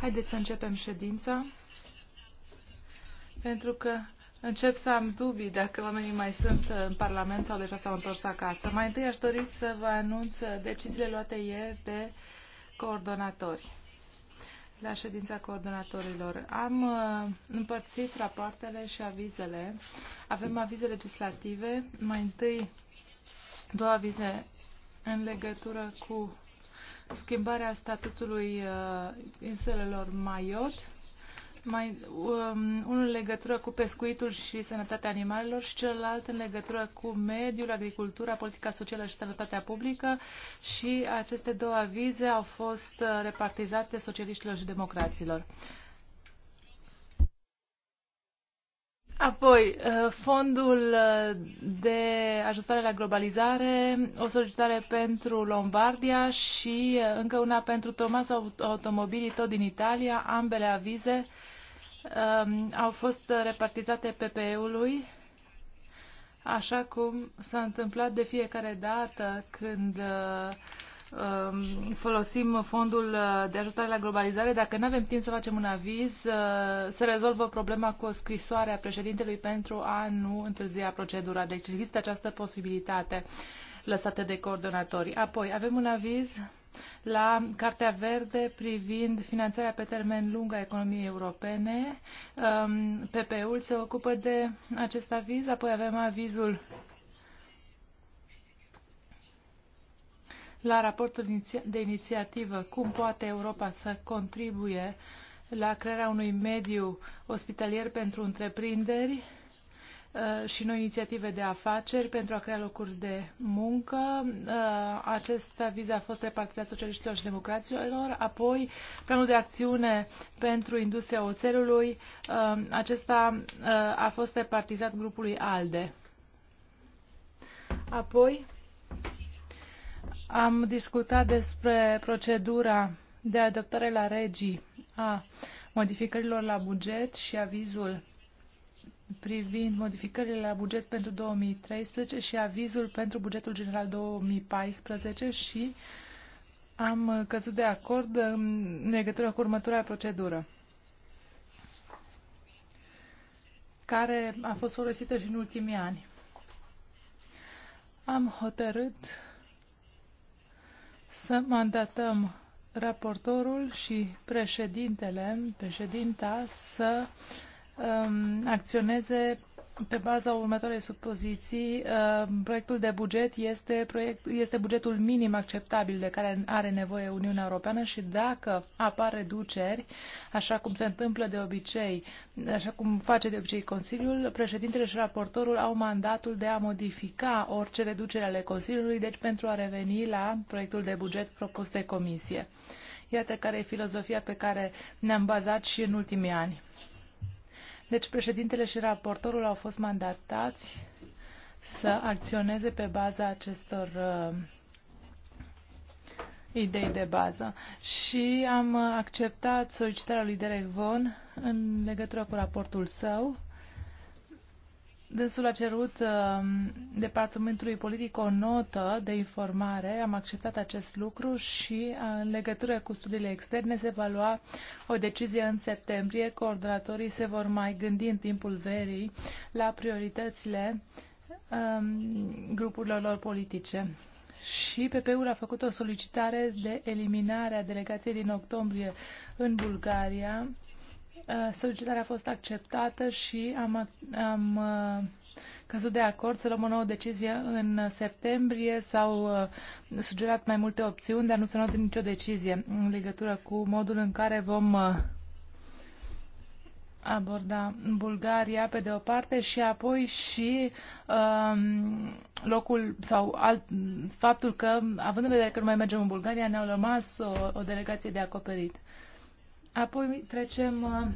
Haideți să începem ședința, pentru că încep să am dubii dacă oamenii mai sunt în Parlament sau deja s-au întors acasă. Mai întâi aș dori să vă anunț deciziile luate ieri de coordonatori la ședința coordonatorilor. Am uh, împărțit rapoartele și avizele. Avem avize legislative, mai întâi două avize în legătură cu schimbarea statutului uh, insulelor Maiot, mai, um, unul în legătură cu pescuitul și sănătatea animalelor și celălalt în legătură cu mediul, agricultura, politica socială și sănătatea publică și aceste două avize au fost uh, repartizate socialiștilor și democraților. Apoi, uh, fondul uh, de ajustare la globalizare, o solicitare pentru Lombardia și uh, încă una pentru Tomas Automobilii, tot din Italia. Ambele avize um, au fost repartizate PPE-ului, așa cum s-a întâmplat de fiecare dată când Um, folosim fondul uh, de ajustare la globalizare, dacă nu avem timp să facem un aviz, uh, se rezolvă problema cu o scrisoare a președintelui pentru a nu întârzia procedura. Deci există această posibilitate lăsată de coordonatori. Apoi, avem un aviz la Cartea Verde privind finanțarea pe termen lung a economiei europene. Um, PP-ul se ocupă de acest aviz, apoi avem avizul la raportul de inițiativă Cum poate Europa să contribuie la crearea unui mediu ospitalier pentru întreprinderi uh, și noi inițiative de afaceri pentru a crea locuri de muncă. Uh, acest aviz a fost repartizat socialiștilor și democraților. Apoi, planul de acțiune pentru industria oțelului, uh, acesta a fost repartizat grupului ALDE. Apoi, am discutat despre procedura de adoptare la regii a modificărilor la buget și avizul privind modificările la buget pentru 2013 și avizul pentru bugetul general 2014 și am căzut de acord în legătură cu următoarea procedură, care a fost folosită și în ultimii ani. Am hotărât să mandatăm raportorul și președintele, președinta, să um, acționeze pe baza următoarei supoziții, uh, proiectul de buget este, proiect, este bugetul minim acceptabil de care are nevoie Uniunea Europeană și dacă apar reduceri, așa cum se întâmplă de obicei, așa cum face de obicei Consiliul, președintele și raportorul au mandatul de a modifica orice reducere ale Consiliului, deci pentru a reveni la proiectul de buget propus de Comisie. Iată care e filozofia pe care ne-am bazat și în ultimii ani. Deci președintele și raportorul au fost mandatați să acționeze pe baza acestor uh, idei de bază. Și am acceptat solicitarea lui Derek Vaughan în legătură cu raportul său Dânsul a cerut um, Departamentului Politic o notă de informare, am acceptat acest lucru și uh, în legătură cu studiile externe se va lua o decizie în septembrie. Coordonatorii se vor mai gândi în timpul verii la prioritățile um, grupurilor lor politice. Și PP-ul a făcut o solicitare de eliminare a delegației din octombrie în Bulgaria Uh, solicitarea a fost acceptată și am, am uh, căzut de acord să luăm o nouă decizie în septembrie. S-au uh, sugerat mai multe opțiuni, dar nu s-a luat nicio decizie în legătură cu modul în care vom aborda Bulgaria pe de o parte și apoi și um, locul sau alt, faptul că, având în vedere că nu mai mergem în Bulgaria, ne-au rămas o, o delegație de acoperit. Apoi trecem uh,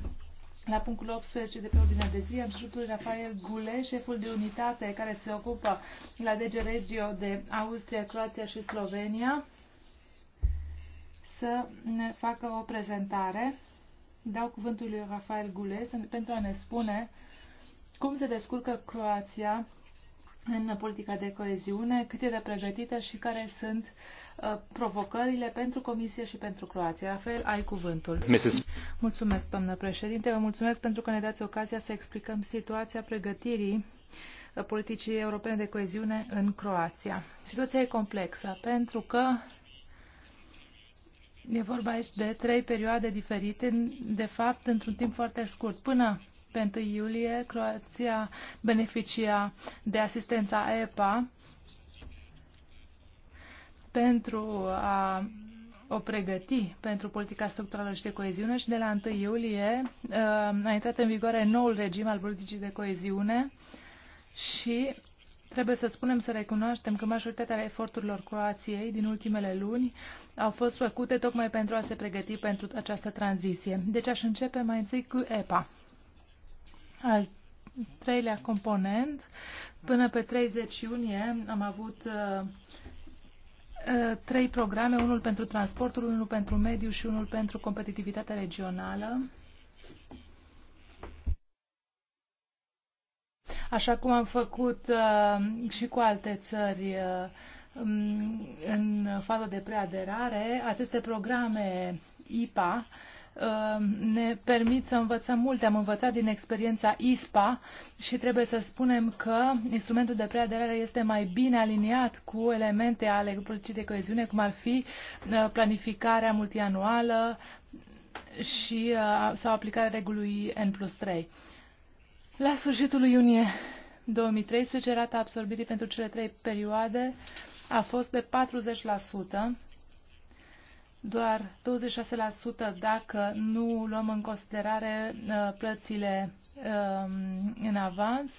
la punctul 18 de pe ordinea de zi, am cerut lui Rafael Gule, șeful de unitate care se ocupă la DG Regio de Austria, Croația și Slovenia, să ne facă o prezentare. Dau cuvântul lui Rafael Gule pentru a ne spune cum se descurcă Croația în politica de coeziune, cât e de pregătită și care sunt uh, Uh, provocările pentru Comisie și pentru Croația. Rafael, ai cuvântul. Mrs. Mulțumesc, domnule președinte. Vă mulțumesc pentru că ne dați ocazia să explicăm situația pregătirii uh, politicii europene de coeziune în Croația. Situația e complexă pentru că e vorba aici de trei perioade diferite, de fapt, într-un timp foarte scurt. Până pe 1 iulie, Croația beneficia de asistența EPA, pentru a o pregăti pentru politica structurală și de coeziune și de la 1 iulie uh, a intrat în vigoare noul regim al politicii de coeziune și Trebuie să spunem, să recunoaștem că majoritatea eforturilor Croației din ultimele luni au fost făcute tocmai pentru a se pregăti pentru această tranziție. Deci aș începe mai întâi cu EPA. Al treilea component, până pe 30 iunie am avut uh, Eh, trei programe, unul pentru transportul, unul pentru mediu și unul pentru competitivitatea regională. Așa cum am făcut uh, și cu alte țări uh, în faza de preaderare, aceste programe IPA uh, Um, ne permit să învățăm multe. Am învățat din experiența ISPA și trebuie să spunem că instrumentul de preaderare este mai bine aliniat cu elemente ale politicii de coeziune, cum ar fi uh, planificarea multianuală și, uh, sau aplicarea regulii N plus 3. La sfârșitul lui iunie 2013, rata absorbirii pentru cele trei perioade a fost de 40%, doar 26% dacă nu luăm în considerare uh, plățile um, în avans.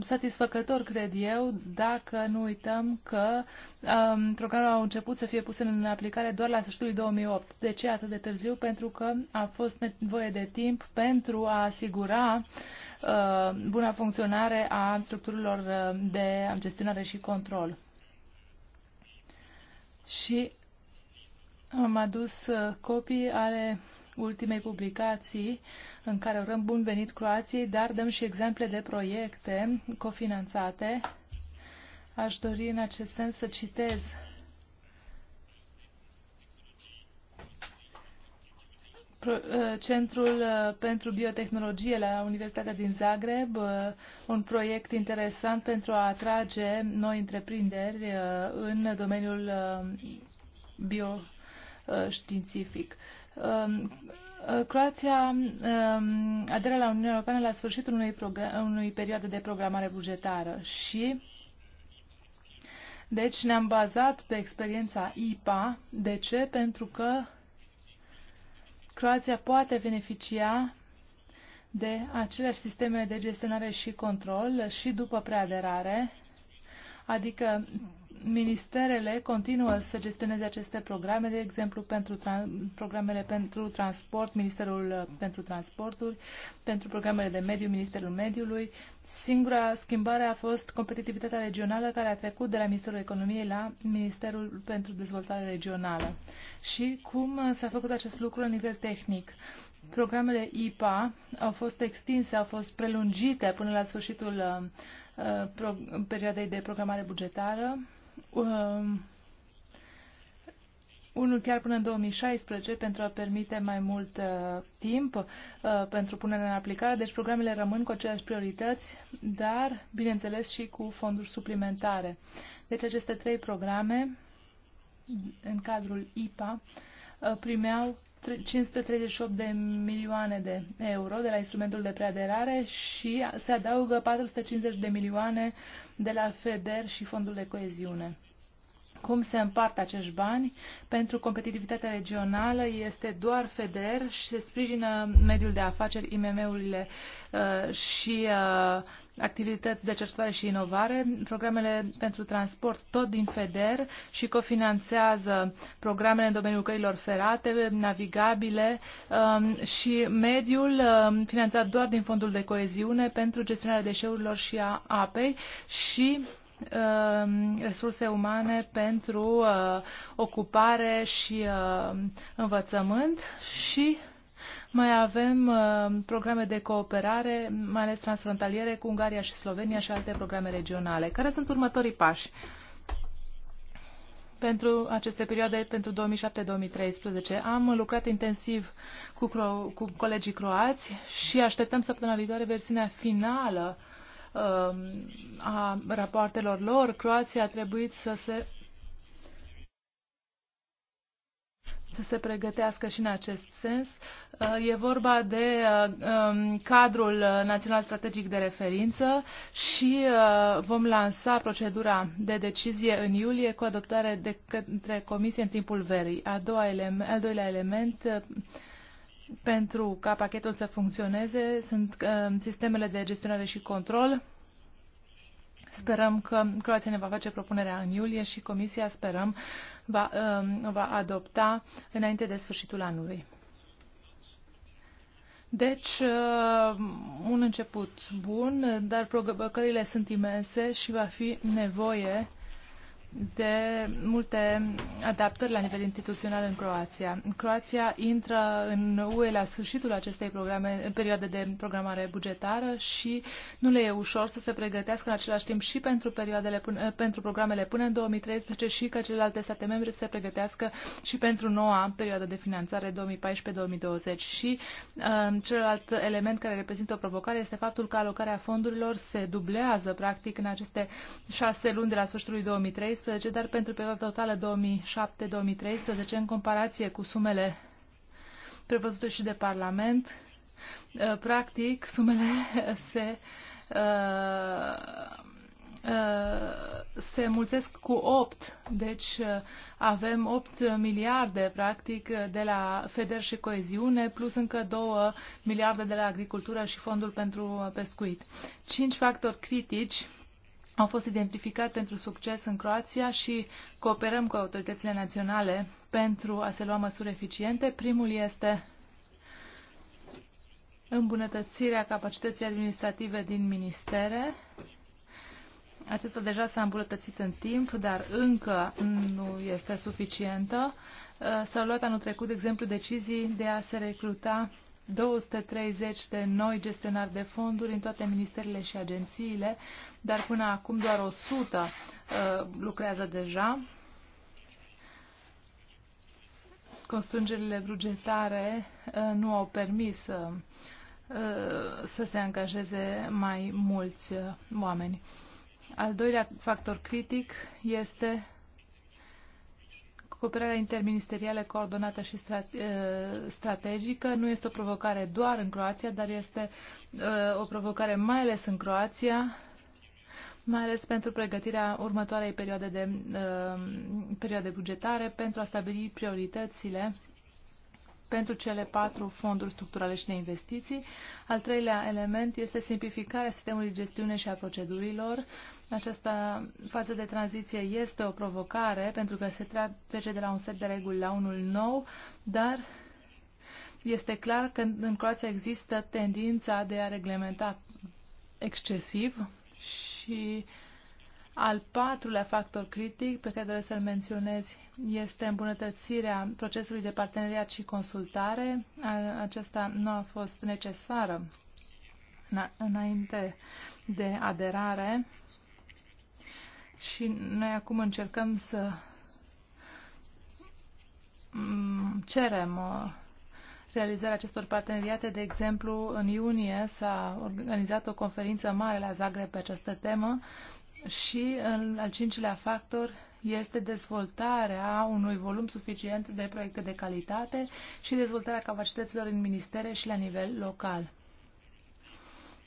Satisfăcător, cred eu, dacă nu uităm că um, programul a început să fie pus în aplicare doar la sfârșitul 2008. De ce atât de târziu? Pentru că a fost nevoie de timp pentru a asigura uh, buna funcționare a structurilor uh, de gestionare și control. Și am adus uh, copii ale ultimei publicații în care urăm bun venit Croației, dar dăm și exemple de proiecte cofinanțate. Aș dori în acest sens să citez uh, Centrul uh, pentru Biotehnologie la Universitatea din Zagreb, un proiect interesant pentru a atrage noi întreprinderi în domeniul bio Uh, științific. Um, uh, Croația um, aderă la Uniunea Europeană la sfârșitul unui, unui perioade de programare bugetară și deci ne-am bazat pe experiența IPA. De ce? Pentru că Croația poate beneficia de aceleași sisteme de gestionare și control și după preaderare, adică ministerele continuă să gestioneze aceste programe, de exemplu pentru programele pentru transport, Ministerul uh, pentru Transporturi, pentru programele de mediu, Ministerul Mediului. Singura schimbare a fost competitivitatea regională care a trecut de la Ministerul Economiei la Ministerul pentru Dezvoltare Regională. Și cum uh, s-a făcut acest lucru la nivel tehnic? Programele IPA au fost extinse, au fost prelungite până la sfârșitul uh, uh perioadei de programare bugetară Um, unul chiar până în 2016 pentru a permite mai mult uh, timp uh, pentru punerea în aplicare. Deci programele rămân cu aceleași priorități, dar, bineînțeles, și cu fonduri suplimentare. Deci aceste trei programe, în cadrul IPA, uh, Uh, primeau 538 de milioane de euro de la instrumentul de preaderare și se adaugă 450 de milioane de la FEDER și Fondul de Coeziune. Cum se împart acești bani? Pentru competitivitatea regională este doar FEDER și se sprijină mediul de afaceri, IMM-urile uh, și uh, activități de cercetare și inovare, programele pentru transport tot din FEDER și cofinanțează programele în domeniul căilor ferate, navigabile um, și mediul um, finanțat doar din fondul de coeziune pentru gestionarea deșeurilor și a apei și um, resurse umane pentru uh, ocupare și uh, învățământ și mai avem uh, programe de cooperare, mai ales transfrontaliere cu Ungaria și Slovenia și alte programe regionale. Care sunt următorii pași? pentru aceste perioade, pentru 2007-2013. Am lucrat intensiv cu, cro- cu colegii croați și așteptăm săptămâna viitoare versiunea finală uh, a rapoartelor lor. Croația a trebuit să se să se pregătească și în acest sens. Uh, e vorba de uh, um, cadrul național strategic de referință și uh, vom lansa procedura de decizie în iulie cu adoptare de către Comisie în timpul verii. A doua element, al doilea element pentru ca pachetul să funcționeze sunt sistemele de gestionare și control. Sperăm că Croația ne va face propunerea în iulie și Comisia sperăm uh, va, um, va adopta înainte de sfârșitul anului. Deci, uh, un început bun, dar provocările sunt imense și va fi nevoie de multe adaptări la nivel instituțional în Croația. Croația intră în UE la sfârșitul acestei programe, în perioade de programare bugetară și nu le e ușor să se pregătească în același timp și pentru, perioadele, eh, pentru programele până în 2013 și că celelalte state membre se pregătească și pentru noua perioadă de finanțare 2014-2020. Și uh, celălalt element care reprezintă o provocare este faptul că alocarea fondurilor se dublează practic în aceste șase luni de la sfârșitul 2013 2012, dar pentru perioada totală 2007-2013, în comparație cu sumele prevăzute și de Parlament, uh, practic sumele se uh, uh, se mulțesc cu 8, deci avem 8 miliarde practic de la FEDER și coeziune, plus încă 2 miliarde de la agricultură și fondul pentru pescuit. 5 factori critici au fost identificat pentru succes în Croația și cooperăm cu autoritățile naționale pentru a se lua măsuri eficiente. Primul este îmbunătățirea capacității administrative din ministere. Acesta deja s-a îmbunătățit în timp, dar încă nu este suficientă. S-au luat anul trecut, de exemplu, decizii de a se recruta 230 de noi gestionari de fonduri în toate ministerele și agențiile, dar până acum doar 100 uh, lucrează deja. Constrângerile bugetare uh, nu au permis să, uh, să se angajeze mai mulți oameni. Al doilea factor critic este Cooperarea interministerială coordonată și eh, strategică nu este o provocare doar în Croația, dar este eh, o provocare mai ales în Croația, mai ales pentru pregătirea următoarei perioade, de, eh, perioade bugetare, pentru a stabili prioritățile pentru cele patru fonduri structurale și de investiții. Al treilea element este simplificarea sistemului de gestiune și a procedurilor. Aceasta fază de tranziție este o provocare pentru că se trece de la un set de reguli la unul nou, dar este clar că în Croația există tendința de a reglementa excesiv și al patrulea factor critic pe care doresc să-l menționez este îmbunătățirea procesului de parteneriat și consultare. Aceasta nu a fost necesară înainte de aderare și noi acum încercăm să mm, cerem uh, realizarea acestor parteneriate. De exemplu, în iunie s-a organizat o conferință mare la Zagreb pe această temă și în al cincilea factor este dezvoltarea unui volum suficient de proiecte de calitate și dezvoltarea capacităților în ministere și la nivel local.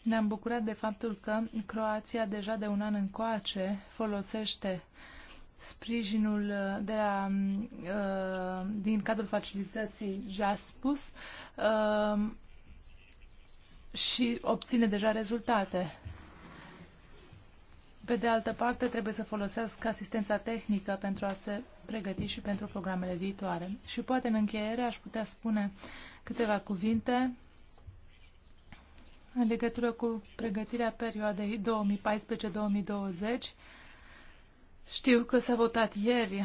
Ne-am bucurat de faptul că Croația deja de un an încoace folosește sprijinul de la, uh, din cadrul facilității JASPUS uh, și obține deja rezultate. Pe de altă parte, trebuie să folosească asistența tehnică pentru a se pregăti și pentru programele viitoare. Și poate în încheiere aș putea spune câteva cuvinte în legătură cu pregătirea perioadei 2014-2020. Știu că s-a votat ieri,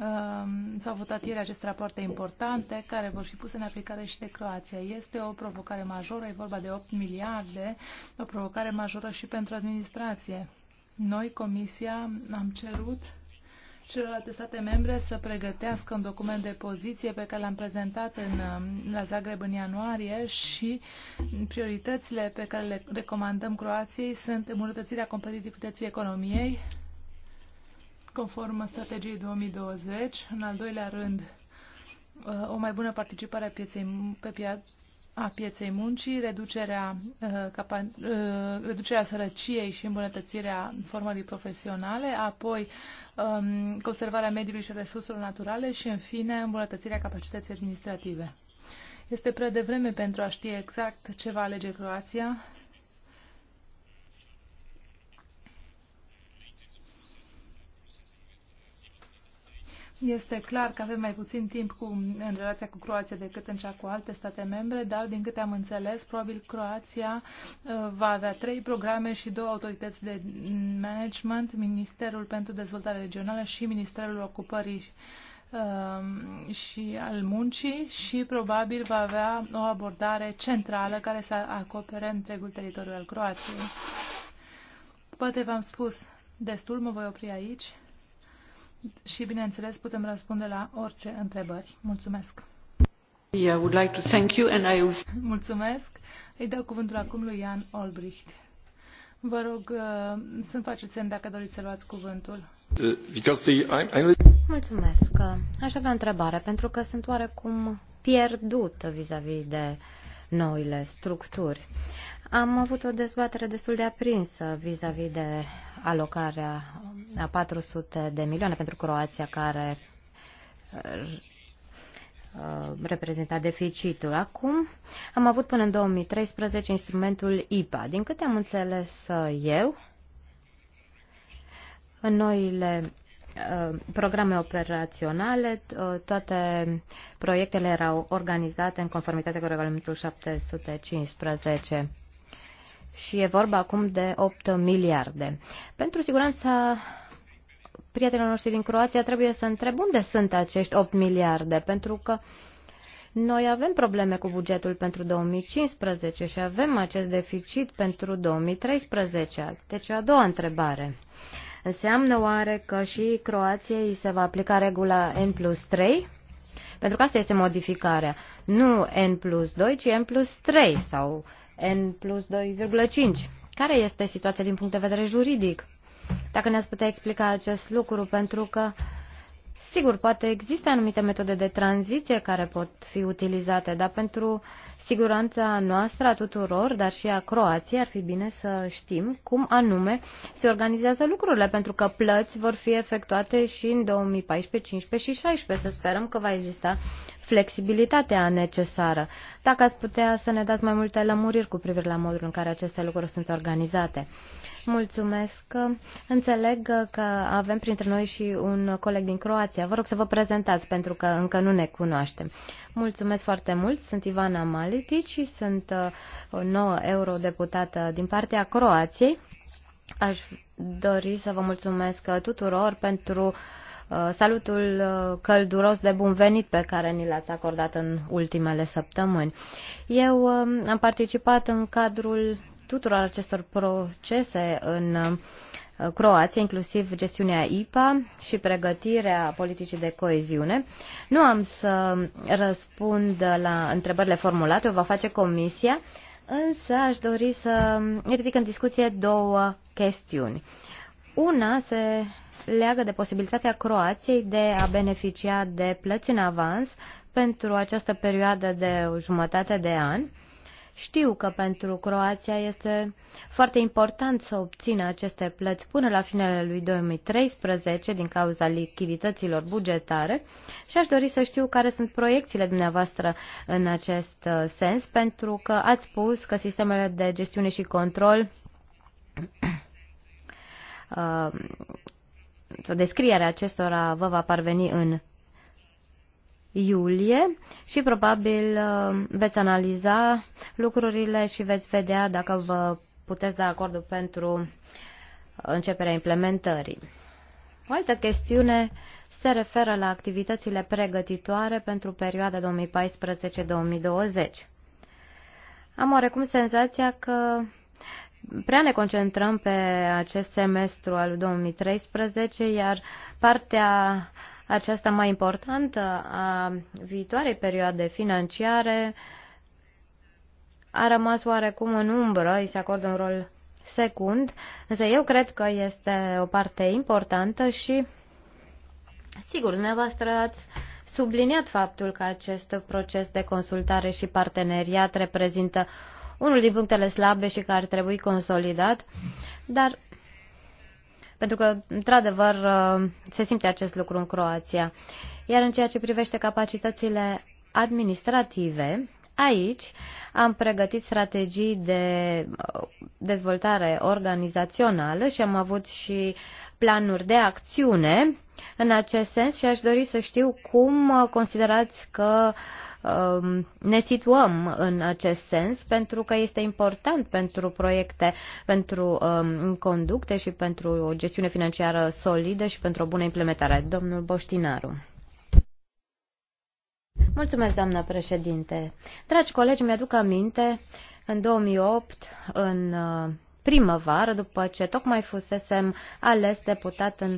um, s-au votat ieri aceste rapoarte importante care vor fi puse în aplicare și de Croația. Este o provocare majoră, e vorba de 8 miliarde, o provocare majoră și pentru administrație. Noi, Comisia, am cerut celelalte state membre să pregătească un document de poziție pe care l-am prezentat în, um, la Zagreb în ianuarie și prioritățile pe care le recomandăm Croației sunt îmbunătățirea competitivității economiei conform strategiei 2020, în al doilea rând uh, o mai bună participare a pieței, pe pia, a pieței muncii, reducerea, uh, uh, reducerea sărăciei și îmbunătățirea formării profesionale, apoi um, conservarea mediului și resurselor naturale și, în fine, îmbunătățirea capacității administrative. Este prea devreme pentru a ști exact ce va alege Croația Este clar că avem mai puțin timp cu, în relația cu Croația decât în cea cu alte state membre, dar din câte am înțeles, probabil Croația uh, va avea trei programe și două autorități de management, Ministerul pentru Dezvoltare Regională și Ministerul Ocupării uh, și al muncii și probabil va avea o abordare centrală care să acopere întregul teritoriu al Croației. Poate v-am spus destul, mă voi opri aici și, bineînțeles, putem răspunde la orice întrebări. Mulțumesc! I would like to thank you and I will... Mulțumesc! Îi dau cuvântul acum lui Ian Olbricht. Vă rog uh, să-mi faceți semn dacă doriți să luați cuvântul. Uh, Mulțumesc. Aș avea o întrebare, pentru că sunt oarecum pierdută vis-a-vis -vis de noile structuri. Am avut o dezbatere destul de aprinsă vis-a-vis -vis de alocarea a 400 de milioane pentru Croația, care uh, reprezenta deficitul. Acum am avut până în 2013 instrumentul IPA. Din câte am înțeles uh, eu, în noile uh, programe operaționale, toate proiectele erau organizate în conformitate cu regulamentul 715 și e vorba acum de 8 miliarde. Pentru siguranța prietenilor noștri din Croația trebuie să întreb unde sunt acești 8 miliarde, pentru că noi avem probleme cu bugetul pentru 2015 și avem acest deficit pentru 2013. Deci a doua întrebare. Înseamnă oare că și Croației se va aplica regula N plus 3? Pentru că asta este modificarea. Nu N plus 2, ci N plus 3 sau N plus 2,5. Care este situația din punct de vedere juridic? Dacă ne-ați putea explica acest lucru, pentru că, sigur, poate există anumite metode de tranziție care pot fi utilizate, dar pentru siguranța noastră a tuturor, dar și a Croației, ar fi bine să știm cum anume se organizează lucrurile, pentru că plăți vor fi efectuate și în 2014, 15 și 16. Să sperăm că va exista flexibilitatea necesară. Dacă ați putea să ne dați mai multe lămuriri cu privire la modul în care aceste lucruri sunt organizate. Mulțumesc. Înțeleg că avem printre noi și un coleg din Croația. Vă rog să vă prezentați pentru că încă nu ne cunoaștem. Mulțumesc foarte mult. Sunt Ivana Malitici și sunt uh, o nouă eurodeputată din partea Croației. Aș dori să vă mulțumesc tuturor pentru uh, Uh, salutul uh, călduros de bun venit pe care ni l-ați acordat în ultimele săptămâni. Eu um, am participat în cadrul tuturor acestor procese în uh, Croația, inclusiv gestiunea IPA și pregătirea politicii de coeziune. Nu am să răspund la întrebările formulate, o va face Comisia, însă aș dori să ridic în discuție două chestiuni. Una se leagă de posibilitatea Croației de a beneficia de plăți în avans pentru această perioadă de o jumătate de an. Știu că pentru Croația este foarte important să obțină aceste plăți până la finele lui 2013 din cauza lichidităților bugetare și aș dori să știu care sunt proiecțiile dumneavoastră în acest uh, sens, pentru că ați spus că sistemele de gestiune și control Uh, sau descrierea acestora vă va parveni în iulie și probabil uh, veți analiza lucrurile și veți vedea dacă vă puteți da acordul pentru începerea implementării. O altă chestiune se referă la activitățile pregătitoare pentru perioada 2014-2020. Am oarecum senzația că prea ne concentrăm pe acest semestru al 2013, iar partea aceasta mai importantă a viitoarei perioade financiare a rămas oarecum în umbră, îi se acordă un rol secund, însă eu cred că este o parte importantă și, sigur, dumneavoastră ați subliniat faptul că acest proces de consultare și parteneriat reprezintă unul din punctele slabe și care ar trebui consolidat, dar pentru că, într-adevăr, uh, se simte acest lucru în Croația. Iar în ceea ce privește capacitățile administrative, Aici am pregătit strategii de uh, dezvoltare organizațională și am avut și planuri de acțiune în acest sens și aș dori să știu cum uh, considerați că um, ne situăm în acest sens pentru că este important pentru proiecte, pentru um, conducte și pentru o gestiune financiară solidă și pentru o bună implementare. Domnul Boștinaru. Mulțumesc, doamnă președinte. Dragi colegi, mi-aduc aminte în 2008, în uh, primăvară, după ce tocmai fusesem ales deputat în,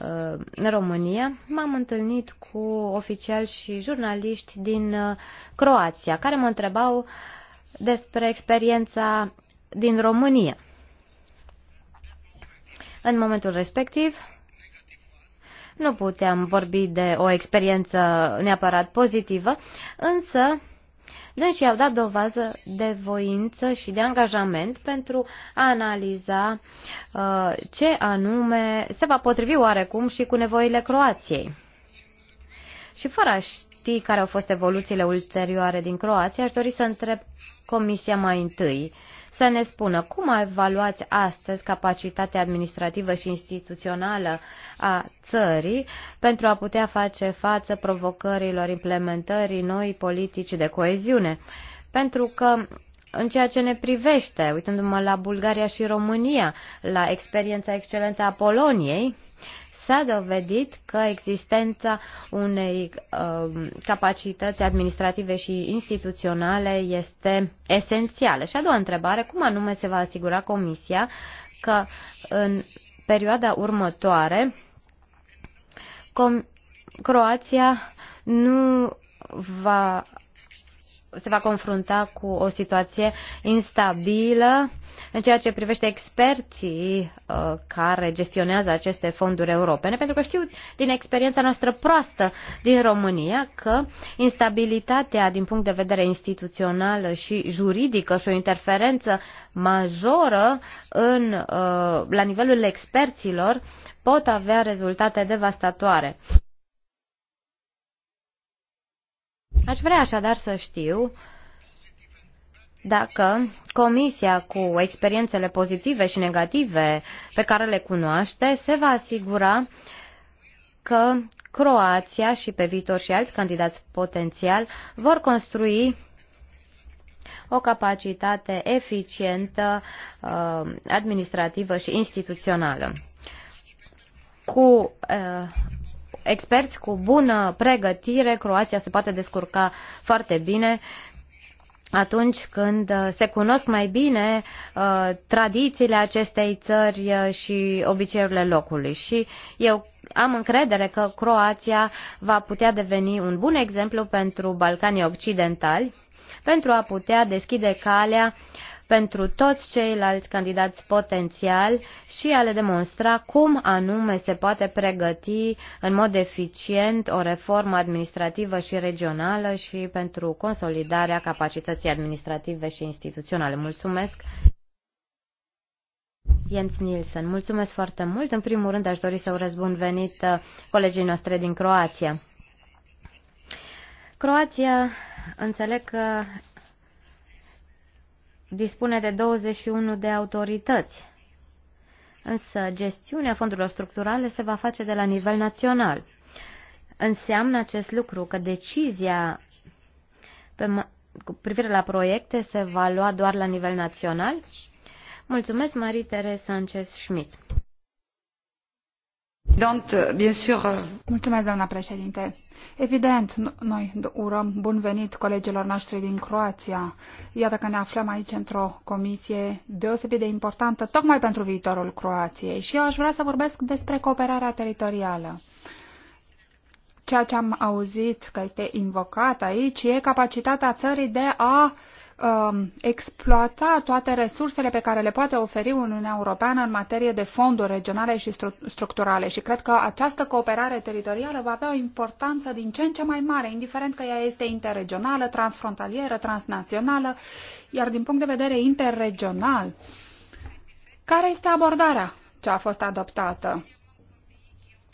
uh, în România, m-am întâlnit cu oficiali și jurnaliști din uh, Croația, care mă întrebau despre experiența din România. În momentul respectiv, nu puteam vorbi de o experiență neapărat pozitivă, însă deci i-au dat dovază de voință și de angajament pentru a analiza uh, ce anume se va potrivi oarecum și cu nevoile Croației. Și fără a ști care au fost evoluțiile ulterioare din Croația, aș dori să întreb Comisia mai întâi. Uh, să ne spună cum evaluați astăzi capacitatea administrativă și instituțională a țării pentru a putea face față provocărilor implementării noi politici de coeziune. Pentru că în ceea ce ne privește, uitându-mă la Bulgaria și România, la experiența excelentă a Poloniei, s-a dovedit că existența unei uh, capacități administrative și instituționale este esențială. Și a doua întrebare, cum anume se va asigura Comisia că în perioada următoare Com- Croația nu va se va confrunta cu o situație instabilă în ceea ce privește experții uh, care gestionează aceste fonduri europene, pentru că știu din experiența noastră proastă din România că instabilitatea din punct de vedere instituțional și juridică și o interferență majoră în, uh, la nivelul experților pot avea rezultate devastatoare. Aș vrea așadar să știu dacă Comisia, cu experiențele pozitive și negative pe care le cunoaște, se va asigura că Croația și pe viitor și alți candidați potențial vor construi o capacitate eficientă uh, administrativă și instituțională. Cu uh, experți cu bună pregătire, Croația se poate descurca foarte bine atunci când uh, se cunosc mai bine uh, tradițiile acestei țări uh, și obiceiurile locului. Și eu am încredere că Croația va putea deveni un bun exemplu pentru Balcanii Occidentali, pentru a putea deschide calea uh, pentru toți ceilalți candidați potențiali și a le demonstra cum anume se poate pregăti în mod eficient o reformă administrativă și regională și pentru consolidarea capacității administrative și instituționale. Mulțumesc! Jens Nielsen, mulțumesc foarte mult. În primul rând aș dori să urez bun venit uh, colegii noastre din Croația. Croația, înțeleg că dispune de 21 de autorități, însă gestiunea fondurilor structurale se va face de la nivel național. Înseamnă acest lucru că decizia pe cu privire la proiecte se va lua doar la nivel național? Mulțumesc, Marie Teresa Sanchez Schmidt. Uh, uh, Mulțumesc, președinte. Evident, noi urăm bun venit colegilor noștri din Croația. Iată că ne aflăm aici într-o comisie deosebit de importantă, tocmai pentru viitorul Croației. Și eu aș vrea să vorbesc despre cooperarea teritorială. Ceea ce am auzit că este invocat aici e capacitatea țării de a Um, exploata toate resursele pe care le poate oferi Uniunea Europeană în materie de fonduri regionale și structurale și cred că această cooperare teritorială va avea o importanță din ce în ce mai mare, indiferent că ea este interregională, transfrontalieră, transnațională, iar din punct de vedere interregional, care este abordarea ce a fost adoptată?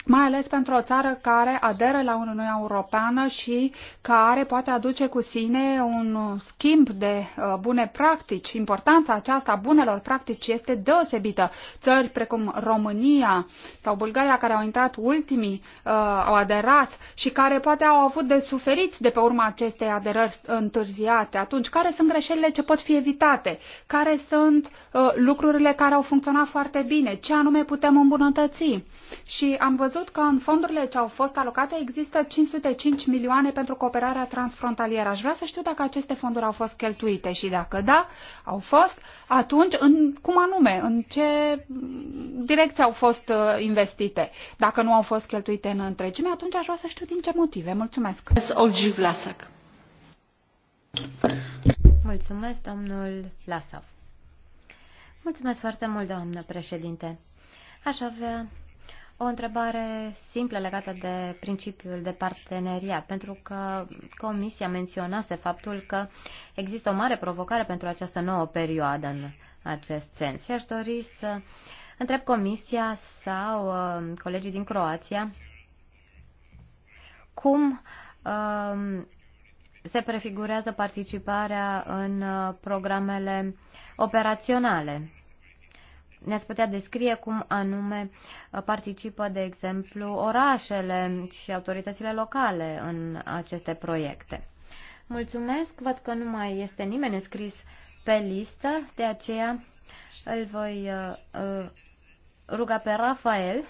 mai ales pentru o țară care aderă la Uniunea Europeană și care poate aduce cu sine un schimb de uh, bune practici. Importanța aceasta a bunelor practici este deosebită. Țări precum România sau Bulgaria care au intrat ultimii, uh, au aderat și care poate au avut de suferit de pe urma acestei aderări întârziate. Atunci, care sunt greșelile ce pot fi evitate? Care sunt uh, lucrurile care au funcționat foarte bine? Ce anume putem îmbunătăți? Și am văzut văzut că în fondurile ce au fost alocate există 505 milioane pentru cooperarea transfrontalieră. Aș vrea să știu dacă aceste fonduri au fost cheltuite și dacă da, au fost, atunci în, cum anume, în ce direcție au fost uh, investite. Dacă nu au fost cheltuite în întregime, atunci aș vrea să știu din ce motive. Mulțumesc. Mulțumesc, domnul Lasav. Mulțumesc foarte mult, doamnă președinte. Aș avea o întrebare simplă legată de principiul de parteneriat, pentru că Comisia menționase faptul că există o mare provocare pentru această nouă perioadă în acest sens. Și aș dori să întreb Comisia sau uh, colegii din Croația cum uh, se prefigurează participarea în uh, programele operaționale ne-ați putea descrie cum anume uh, participă, de exemplu, orașele și autoritățile locale în aceste proiecte. Mulțumesc, văd că nu mai este nimeni înscris pe listă, de aceea îl voi uh, uh, ruga pe Rafael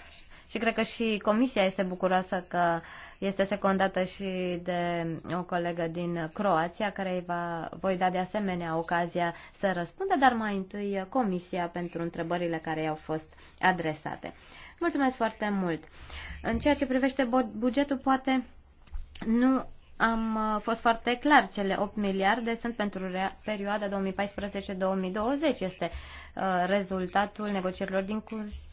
și cred că și comisia este bucuroasă că este secundată și de o colegă din Croația, care îi va, voi da de asemenea ocazia să răspundă, dar mai întâi Comisia pentru întrebările care i-au fost adresate. Mulțumesc foarte mult! În ceea ce privește bugetul, poate nu am uh, fost foarte clar, cele 8 miliarde sunt pentru perioada 2014-2020. Este uh, rezultatul negocierilor din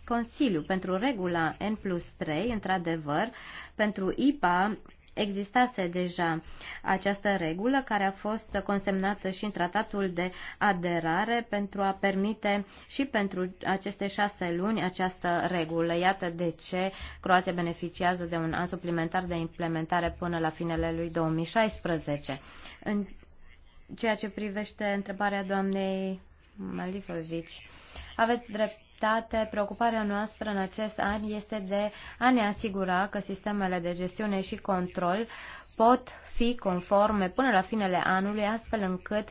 Consiliu. Pentru regula N plus 3, într-adevăr, pentru IPA Existase deja această regulă care a fost consemnată și în tratatul de aderare pentru a permite și pentru aceste șase luni această regulă. Iată de ce Croația beneficiază de un an suplimentar de implementare până la finele lui 2016. În ceea ce privește întrebarea doamnei Malifovici, aveți drept prioritate, preocuparea noastră în acest an este de a ne asigura că sistemele de gestiune și control pot fi conforme până la finele anului, astfel încât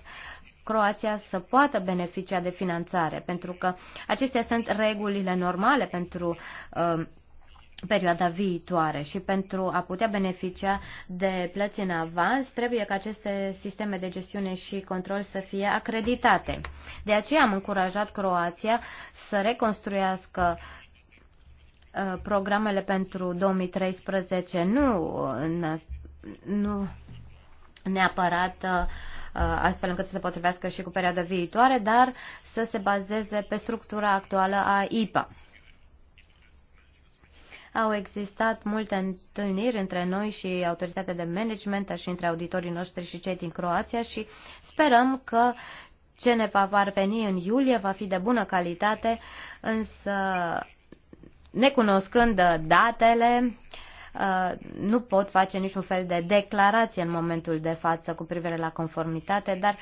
Croația să poată beneficia de finanțare, pentru că acestea sunt regulile normale pentru uh, perioada viitoare și pentru a putea beneficia de plăți în avans, trebuie ca aceste sisteme de gestiune și control să fie acreditate. De aceea am încurajat Croația să reconstruiască uh, programele pentru 2013, nu, nu neapărat uh, astfel încât să se potrivească și cu perioada viitoare, dar să se bazeze pe structura actuală a IPA. Au existat multe întâlniri între noi și autoritatea de management, dar și între auditorii noștri și cei din Croația și sperăm că ce ne va parveni în iulie va fi de bună calitate, însă necunoscând datele, uh, nu pot face niciun fel de declarație în momentul de față cu privire la conformitate, dar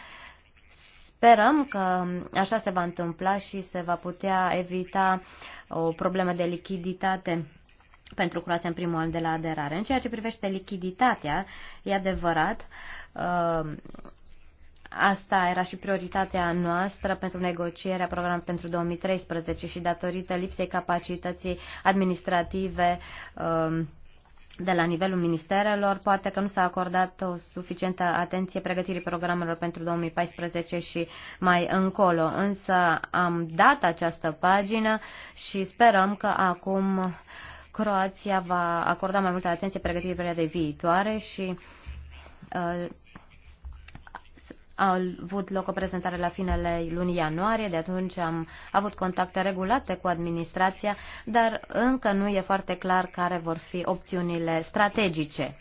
sperăm că așa se va întâmpla și se va putea evita o problemă de lichiditate pentru Croația în primul an de la aderare. În ceea ce privește lichiditatea, e adevărat, uh, asta era și prioritatea noastră pentru negocierea programului pentru 2013 și datorită lipsei capacității administrative uh, de la nivelul ministerelor, poate că nu s-a acordat o suficientă atenție pregătirii programelor pentru 2014 și mai încolo, însă am dat această pagină și sperăm că acum uh, Croația va acorda mai multă atenție pregătirii perioadei viitoare și uh, a avut loc o prezentare la finele lunii ianuarie, de atunci am avut contacte regulate cu administrația, dar încă nu e foarte clar care vor fi opțiunile strategice.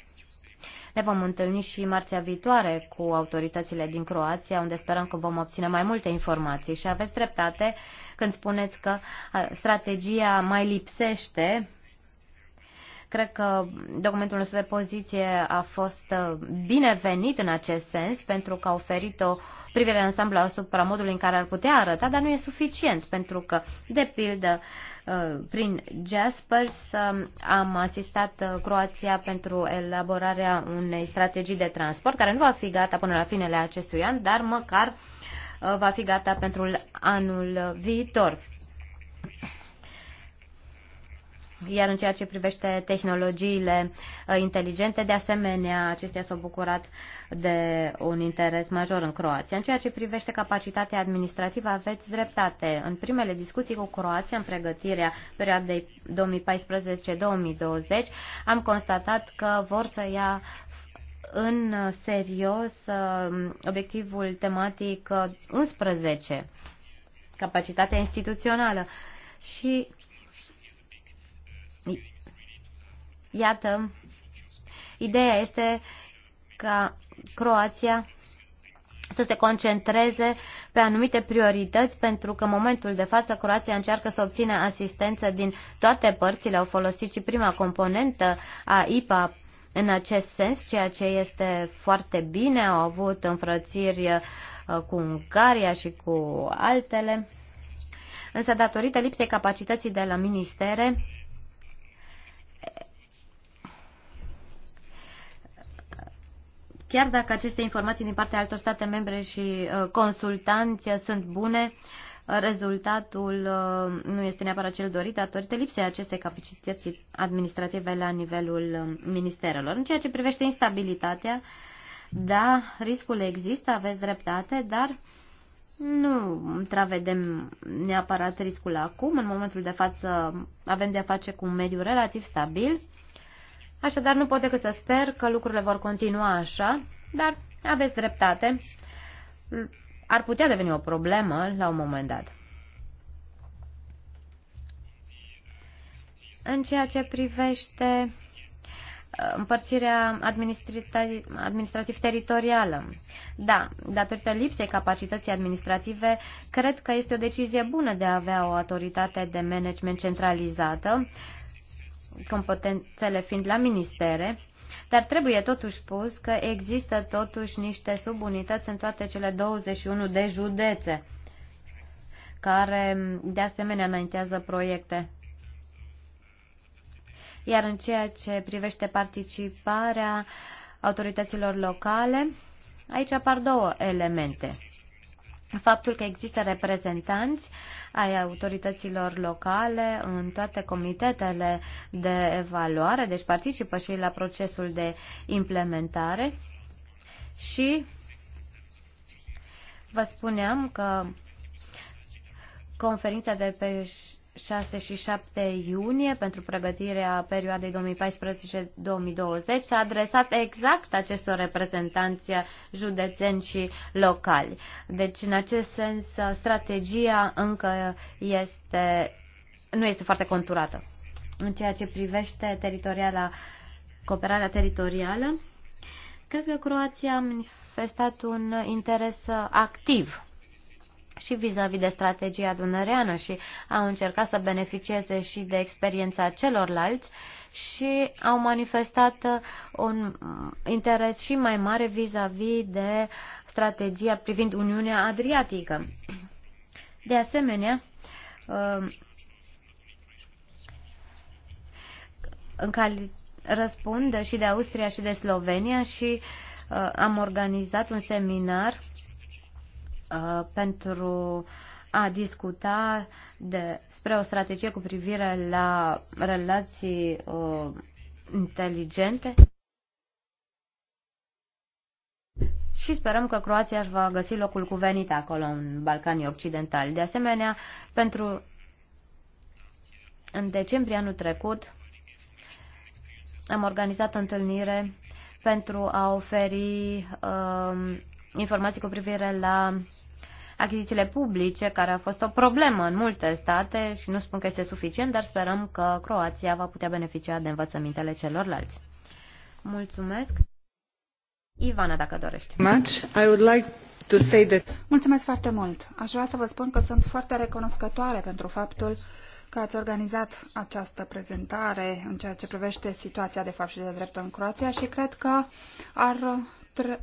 Ne vom întâlni și marțea viitoare cu autoritățile din Croația, unde sperăm că vom obține mai multe informații. Și aveți dreptate când spuneți că uh, strategia mai lipsește Cred că documentul nostru de poziție a fost uh, binevenit în acest sens pentru că a oferit o privire în ansamblu asupra modului în care ar putea arăta, dar nu e suficient pentru că, de pildă, uh, prin Jaspers am asistat uh, Croația pentru elaborarea unei strategii de transport care nu va fi gata până la finele acestui an, dar măcar va fi gata pentru anul viitor. Iar în ceea ce privește tehnologiile uh, inteligente, de asemenea, acestea s-au bucurat de un interes major în Croația. În ceea ce privește capacitatea administrativă, aveți dreptate. În primele discuții cu Croația, în pregătirea perioadei 2014-2020, am constatat că vor să ia în serios uh, obiectivul tematic 11, uh, capacitatea instituțională. Și Iată, ideea este ca Croația să se concentreze pe anumite priorități, pentru că în momentul de față Croația încearcă să obțină asistență din toate părțile. Au folosit și prima componentă a IPA în acest sens, ceea ce este foarte bine. Au avut înfrățiri uh, cu Ungaria și cu altele. Însă, datorită lipsei capacității de la ministere, Chiar dacă aceste informații din partea altor state membre și uh, consultanți sunt bune, uh, rezultatul uh, nu este neapărat cel dorit datorită lipsei acestei capacități administrative la nivelul ministerelor. În ceea ce privește instabilitatea, da, riscul există, aveți dreptate, dar nu travedem neapărat riscul acum. În momentul de față avem de a face cu un mediu relativ stabil Așadar, nu pot decât să sper că lucrurile vor continua așa, dar aveți dreptate. Ar putea deveni o problemă la un moment dat. În ceea ce privește uh, împărțirea administrativ-teritorială. Da, datorită lipsei capacității administrative, cred că este o decizie bună de a avea o autoritate de management centralizată competențele fiind la ministere, dar trebuie totuși spus că există totuși niște subunități în toate cele 21 de județe care de asemenea înaintează proiecte. Iar în ceea ce privește participarea autorităților locale, aici apar două elemente. Faptul că există reprezentanți uh, ai autorităților locale în toate comitetele de evaluare, deci participă și la procesul de implementare și vă spuneam că conferința de pe 6 și 7 iunie pentru pregătirea perioadei 2014-2020 s-a adresat exact acestor reprezentanți județeni și locali. Deci, în acest sens, strategia încă este, nu este foarte conturată. În ceea ce privește teritoriala, cooperarea teritorială, cred că Croația a manifestat un interes activ și vis-a-vis -vis de strategia dunăreană și au încercat să beneficieze și de experiența celorlalți și au manifestat uh, un interes și mai mare vis-a-vis -vis de strategia privind Uniunea Adriatică. De asemenea, uh, în răspund și de Austria și de Slovenia și uh, am organizat un seminar Uh, pentru a discuta despre o strategie cu privire la relații uh, inteligente. Și sperăm că Croația își va găsi locul cuvenit acolo, în Balcanii Occidentali. De asemenea, pentru în decembrie anul trecut am organizat o întâlnire pentru a oferi uh, informații cu privire la achizițiile publice, care a fost o problemă în multe state și nu spun că este suficient, dar sperăm că Croația va putea beneficia de învățămintele celorlalți. Mulțumesc. Ivana, dacă dorești. Much. I would like to say that... Mulțumesc foarte mult. Aș vrea să vă spun că sunt foarte recunoscătoare pentru faptul că ați organizat această prezentare în ceea ce privește situația de fapt și de drept în Croația și cred că ar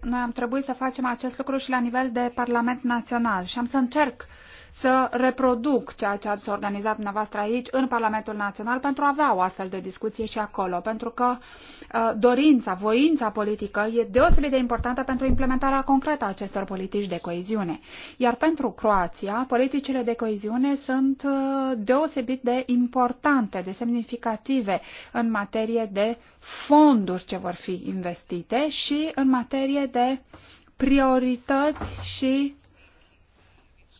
noi am trebuit să facem acest lucru și la nivel de Parlament Național. Și am să încerc să reproduc ceea ce ați organizat dumneavoastră aici în Parlamentul Național pentru a avea o astfel de discuție și acolo, pentru că uh, dorința, voința politică e deosebit de importantă pentru implementarea concretă a acestor politici de coeziune. Iar pentru Croația, politicile de coeziune sunt uh, deosebit de importante, de semnificative în materie de fonduri ce vor fi investite și în materie de priorități și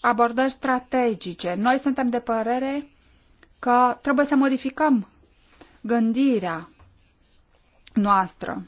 abordări strategice. Noi suntem de părere că trebuie să modificăm gândirea noastră.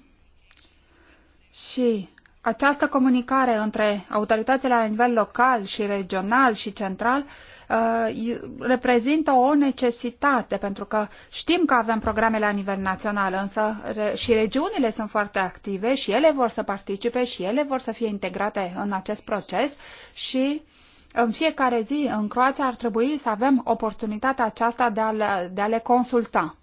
Și această comunicare între autoritățile la nivel local și regional și central uh, reprezintă o necesitate, pentru că știm că avem programe la nivel național, însă re și regiunile sunt foarte active și ele vor să participe și ele vor să fie integrate în acest proces și uh, în fiecare zi în Croația ar trebui să avem oportunitatea aceasta de a le, de a le consulta.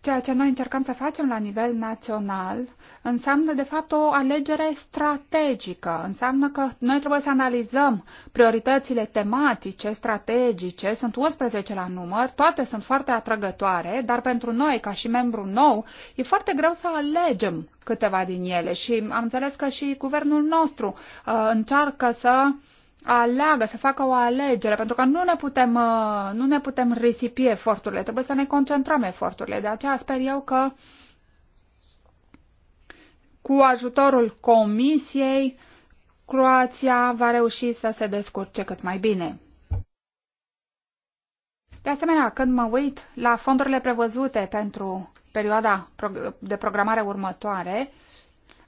Ceea ce noi încercăm să facem la nivel național înseamnă, de fapt, o alegere strategică. Înseamnă că noi trebuie să analizăm prioritățile tematice, strategice, sunt 11 la număr, toate sunt foarte atrăgătoare, dar pentru noi, ca și membru nou, e foarte greu să alegem câteva din ele și am înțeles că și guvernul nostru uh, încearcă să uh, aleagă, să facă o alegere, pentru că nu ne putem, uh, nu ne putem risipi eforturile, trebuie să ne concentrăm eforturile. De aceea sper eu că cu ajutorul Comisiei, Croația va reuși să se descurce cât mai bine. De asemenea, când mă uit la fondurile prevăzute pentru perioada de programare următoare,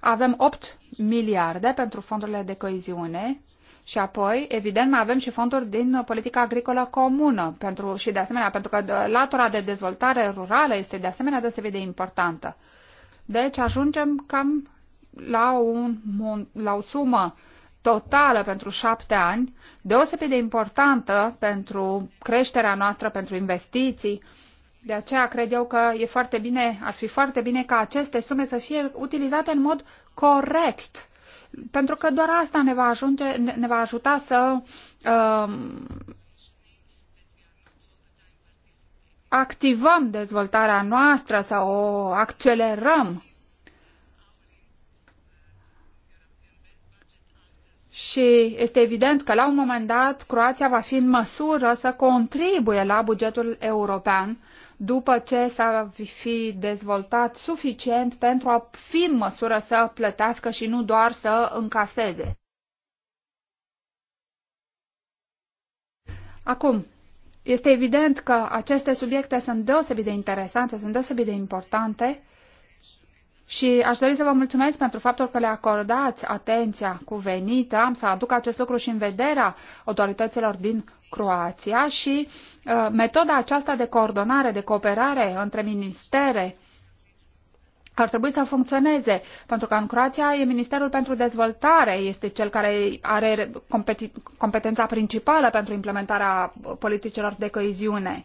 avem 8 miliarde pentru fondurile de coeziune, și apoi, evident, mai avem și fonduri din politica agricolă comună pentru, și de asemenea, pentru că uh, latura de dezvoltare rurală este de asemenea deosebit de importantă. Deci ajungem cam la, un, la o sumă totală pentru șapte ani, deosebit de importantă pentru creșterea noastră, pentru investiții. De aceea cred eu că e foarte bine, ar fi foarte bine ca aceste sume să fie utilizate în mod corect pentru că doar asta ne va, ajunge, ne va ajuta să uh, activăm dezvoltarea noastră, să o accelerăm. Și este evident că la un moment dat Croația va fi în măsură să contribuie la bugetul european după ce s ar fi dezvoltat suficient pentru a fi în măsură să plătească și nu doar să încaseze. Acum, este evident că aceste subiecte sunt deosebit de interesante, sunt deosebit de importante și aș dori să vă mulțumesc pentru faptul că le acordați atenția cuvenită. Am să aduc acest lucru și în vederea autorităților din Croația și uh, metoda aceasta de coordonare, de cooperare între ministere ar trebui să funcționeze, pentru că în Croația e Ministerul pentru Dezvoltare, este cel care are competența principală pentru implementarea politicilor de coeziune.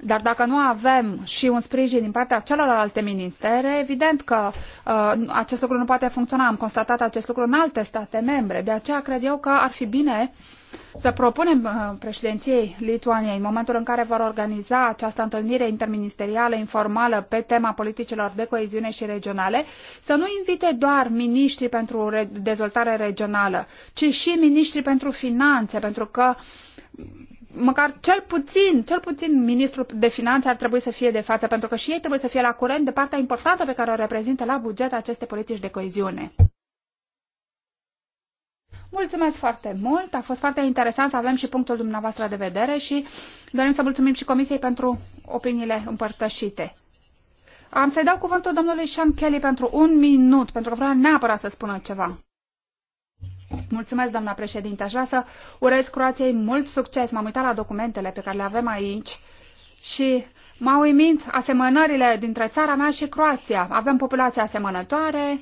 Dar dacă nu avem și un sprijin din partea celorlalte ministere, evident că uh, acest lucru nu poate funcționa. Am constatat acest lucru în alte state membre. De aceea cred eu că ar fi bine uh, să propunem uh, președinției Lituaniei în momentul în care vor organiza această întâlnire interministerială informală pe tema politicilor de coeziune și regionale, să nu invite doar miniștri pentru dezvoltare regională, ci și miniștri pentru finanțe, pentru că măcar cel puțin, cel puțin ministrul de finanțe ar trebui să fie de față, pentru că și ei trebuie să fie la curent de partea importantă pe care o reprezintă la buget aceste politici de coeziune. Mulțumesc foarte mult, a fost foarte interesant să avem și punctul dumneavoastră de vedere și dorim să mulțumim și Comisiei pentru opiniile împărtășite. Am să-i dau cuvântul domnului Sean Kelly pentru un minut, pentru că vrea neapărat să spună ceva. Mulțumesc, doamna președinte. Aș vrea să urez Croației mult succes. M-am uitat la documentele pe care le avem aici și m-au uimit asemănările dintre țara mea și Croația. Avem populația asemănătoare,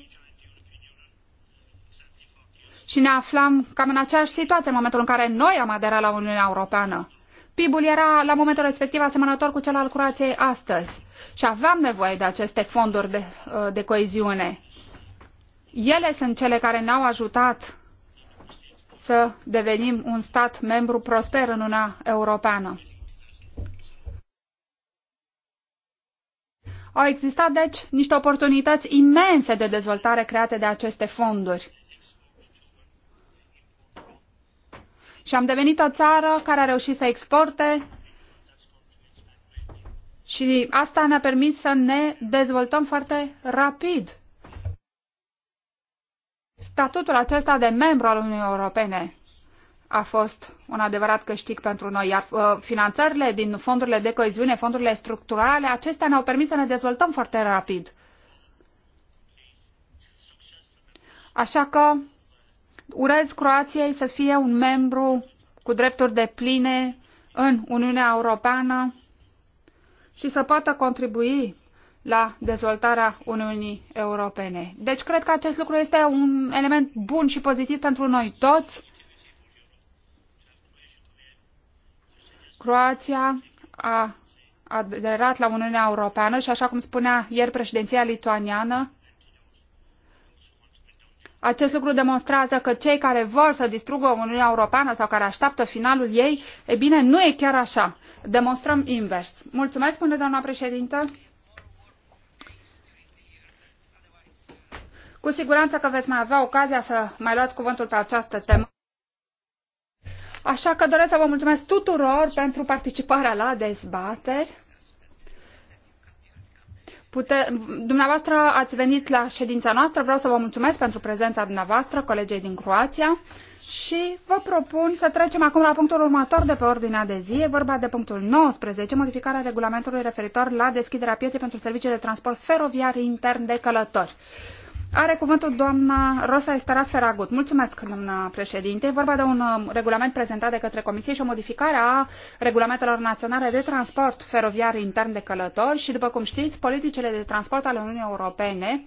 și ne aflam cam în aceeași situație în momentul în care noi am aderat la Uniunea Europeană. PIB-ul era la momentul respectiv asemănător cu cel al Croației astăzi și aveam nevoie de aceste fonduri de, uh, de coeziune. Ele sunt cele care ne-au ajutat să devenim un stat membru prosper în Uniunea Europeană. Au existat, deci, niște oportunități imense de dezvoltare create de aceste fonduri. Și am devenit o țară care a reușit să exporte și asta ne-a permis să ne dezvoltăm foarte rapid. Statutul acesta de membru al Uniunii Europene a fost un adevărat câștig pentru noi, iar uh, finanțările din fondurile de coeziune, fondurile structurale, acestea ne-au permis să ne dezvoltăm foarte rapid. Așa că urez Croației să fie un membru cu drepturi de pline în Uniunea Europeană și să poată contribui la dezvoltarea Uniunii Europene. Deci cred că acest lucru este un element bun și pozitiv pentru noi toți. Croația a aderat la Uniunea Europeană și, așa cum spunea ieri președinția lituaniană, acest lucru demonstrează că cei care vor să distrugă Uniunea Europeană sau care așteaptă finalul ei, e bine, nu e chiar așa. Demonstrăm invers. Mulțumesc, spune doamna președintă. Cu siguranță că veți mai avea ocazia să mai luați cuvântul pe această temă. Așa că doresc să vă mulțumesc tuturor pentru participarea la dezbateri. Pute- dumneavoastră ați venit la ședința noastră, vreau să vă mulțumesc pentru prezența dumneavoastră, colegei din Croația, și vă propun să trecem acum la punctul următor de pe ordinea de zi. E vorba de punctul 19, modificarea regulamentului referitor la deschiderea pieței pentru serviciile de transport feroviar intern de călători. Are cuvântul doamna Rosa Estaras Feragut. Mulțumesc, doamna președinte. E vorba de un um, regulament prezentat de către Comisie și o modificare a regulamentelor naționale de transport feroviar intern de călători și, după cum știți, politicile de transport ale Uniunii Europene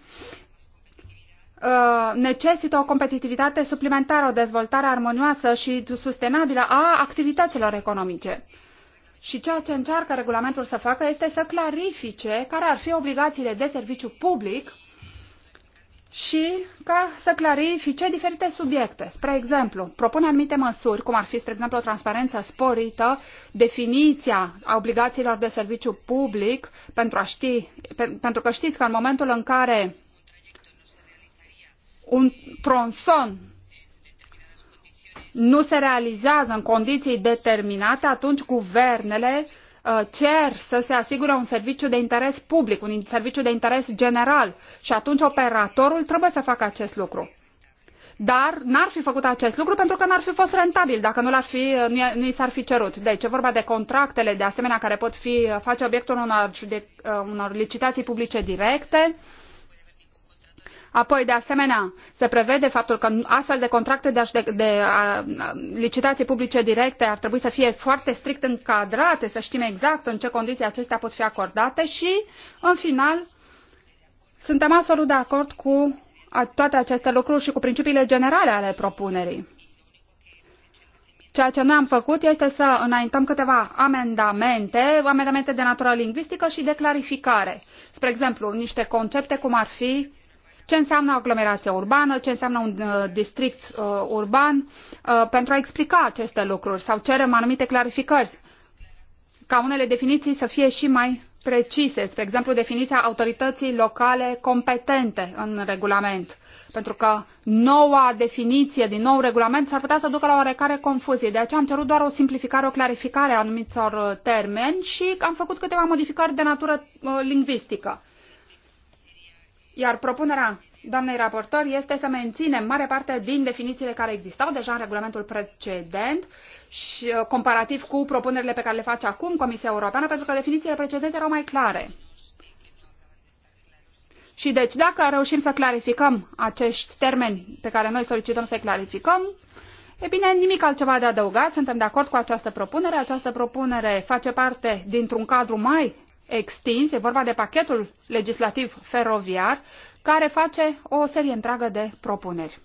uh, necesită o competitivitate suplimentară, o dezvoltare armonioasă și sustenabilă a activităților economice. Și ceea ce încearcă regulamentul să facă este să clarifice care ar fi obligațiile de serviciu public și ca să clarifice diferite subiecte. Spre exemplu, propun anumite măsuri, cum ar fi, spre exemplu, o transparență sporită, definiția obligațiilor de serviciu public, pentru, a ști, pe, pentru că știți că în momentul în care un tronson nu se realizează în condiții determinate, atunci guvernele uh, Uh, cer să se asigure un serviciu de interes public, un serviciu de interes general și atunci operatorul trebuie să facă acest lucru. Dar n-ar fi făcut acest lucru pentru că n-ar fi fost rentabil dacă nu, ar fi, uh, nu i s-ar fi cerut. Deci e vorba de contractele de asemenea care pot fi uh, face obiectul unor, unor licitații publice directe, uh, Apoi, de asemenea, se prevede faptul că astfel de contracte de, licitații publice directe ar trebui să fie foarte strict încadrate, să știm exact în ce condiții acestea pot fi acordate și, în final, suntem absolut de acord cu toate aceste lucruri și cu principiile generale ale propunerii. Ceea ce noi am făcut este să înaintăm câteva amendamente, amendamente de natură lingvistică și de clarificare. Spre exemplu, niște concepte cum ar fi ce înseamnă aglomerația urbană, ce înseamnă un uh, district uh, urban, uh, pentru a explica aceste lucruri sau cerem anumite clarificări, ca unele definiții să fie și mai precise, spre exemplu definiția autorității locale competente în regulament, pentru că noua definiție din nou regulament s-ar putea să ducă la oarecare confuzie. De aceea am cerut doar o simplificare, o clarificare a anumitor termeni și am făcut câteva modificări de natură lingvistică. Iar propunerea doamnei raportor este să menținem mare parte din definițiile care existau deja în regulamentul precedent și uh, comparativ cu propunerile pe care le face acum Comisia Europeană, pentru că definițiile precedente erau mai clare. Și deci, dacă reușim să clarificăm acești termeni pe care noi solicităm să-i clarificăm, e bine, nimic altceva de adăugat, suntem de acord cu această propunere. Această propunere face parte dintr-un cadru mai extins, e vorba de pachetul legislativ feroviar, care face o serie întreagă de propuneri.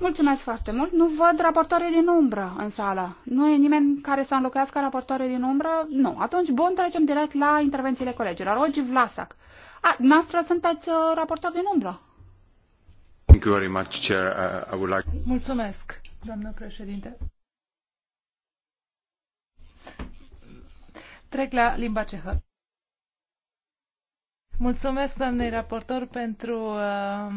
Mulțumesc foarte mult. Nu văd raportorii din umbră în sală. Nu e nimeni care să înlocuiască raportorii din umbră? Nu. Atunci, bun, trecem direct la intervențiile colegilor. Ogi Vlasac. A, noastră sunteți uh, raportor din umbră. Uh, Mulțumesc, doamnă președinte. Trec la limba cehă. Mulțumesc, doamnei raportor, pentru uh,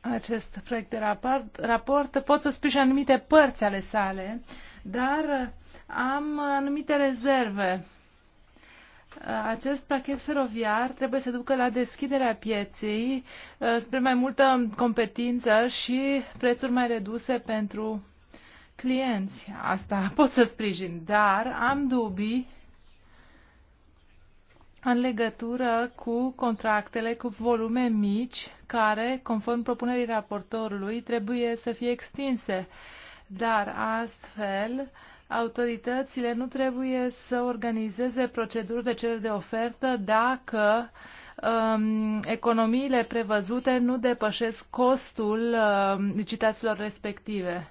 acest proiect de raport. raport. Pot să sprijin anumite părți ale sale, dar am anumite rezerve. Uh, acest pachet feroviar trebuie să ducă la deschiderea pieței uh, spre mai multă competință și prețuri mai reduse pentru clienți. Asta pot să sprijin, dar am dubii în legătură cu contractele cu volume mici, care, conform propunerii raportorului, trebuie să fie extinse. Dar astfel, autoritățile nu trebuie să organizeze proceduri de cerere de ofertă dacă um, economiile prevăzute nu depășesc costul um, licitațiilor respective.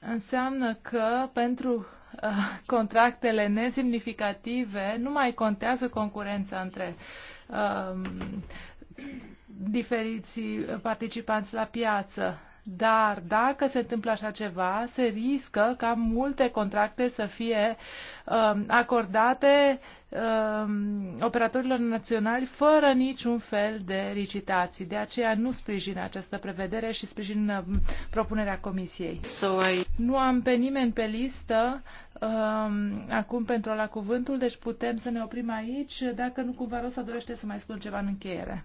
Înseamnă că pentru contractele nesemnificative, nu mai contează concurența între um, diferiții participanți la piață. Dar dacă se întâmplă așa ceva, se riscă ca multe contracte să fie uh, acordate uh, operatorilor naționali fără niciun fel de licitații. De aceea nu sprijin această prevedere și sprijin uh, propunerea Comisiei. So I... Nu am pe nimeni pe listă uh, acum pentru la cuvântul, deci putem să ne oprim aici. Dacă nu cumva să dorește să mai spun ceva în încheiere.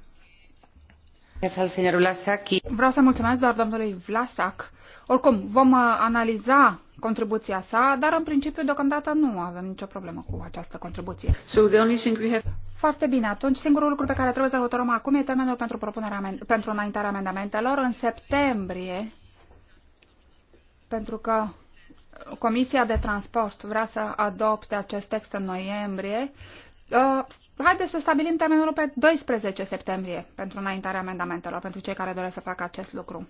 Vreau să mulțumesc doar domnului Vlasac. Oricum, vom uh, analiza contribuția sa, dar în principiu deocamdată nu avem nicio problemă cu această contribuție. So the only thing we have... Foarte bine, atunci singurul lucru pe care trebuie să-l hotărăm acum e termenul pentru, propunerea, pentru înaintarea amendamentelor în septembrie, pentru că Comisia de Transport vrea să adopte acest text în noiembrie. Uh, Haideți să stabilim termenul pe 12 septembrie pentru înaintarea amendamentelor, pentru cei care doresc să facă acest lucru.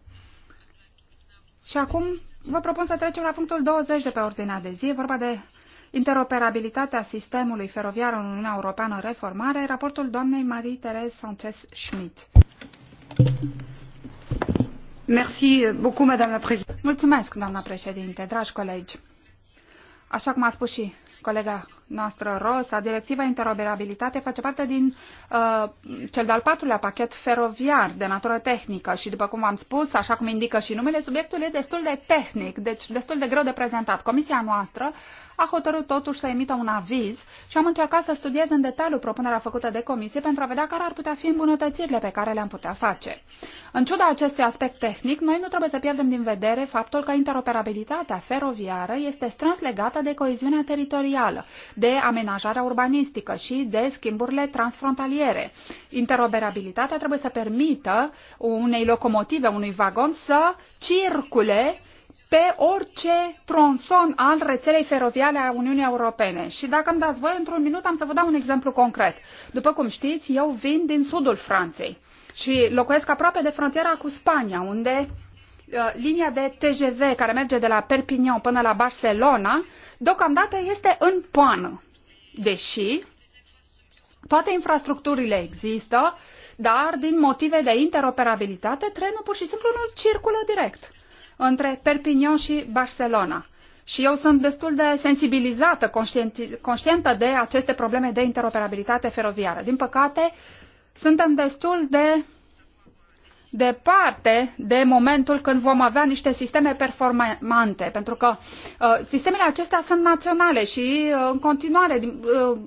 Și acum vă propun să trecem la punctul 20 de pe ordinea de zi, vorba de interoperabilitatea sistemului feroviar în Uniunea Europeană în reformare, raportul doamnei Marie-Thérèse Sanchez Schmidt. Merci beaucoup, Madame la Mulțumesc, doamna președinte, dragi colegi. Așa cum a spus și colega noastră Rosa, directiva interoperabilitate face parte din uh, cel de-al patrulea pachet feroviar de natură tehnică și, după cum am spus, așa cum indică și numele, subiectul e destul de tehnic, deci destul de greu de prezentat. Comisia noastră a hotărât totuși să emită un aviz și am încercat să studiez în detaliu propunerea făcută de comisie pentru a vedea care ar putea fi îmbunătățirile pe care le-am putea face. În ciuda acestui aspect tehnic, noi nu trebuie să pierdem din vedere faptul că interoperabilitatea feroviară este strâns legată de coeziunea teritorială, de amenajarea urbanistică și de schimburile transfrontaliere. Interoperabilitatea trebuie să permită unei locomotive, unui vagon să circule pe orice tronson al rețelei feroviare a Uniunii Europene. Și dacă îmi dați voi, într-un minut am să vă dau un exemplu concret. După cum știți, eu vin din sudul Franței și locuiesc aproape de frontiera cu Spania, unde uh, linia de TGV care merge de la Perpignan până la Barcelona deocamdată este în pană, deși toate infrastructurile există, dar din motive de interoperabilitate trenul pur și simplu nu circulă direct între Perpignan și Barcelona. Și eu sunt destul de sensibilizată, conștientă de aceste probleme de interoperabilitate feroviară. Din păcate, suntem destul de departe de momentul când vom avea niște sisteme performante, pentru că uh, sistemele acestea sunt naționale și uh, în continuare uh,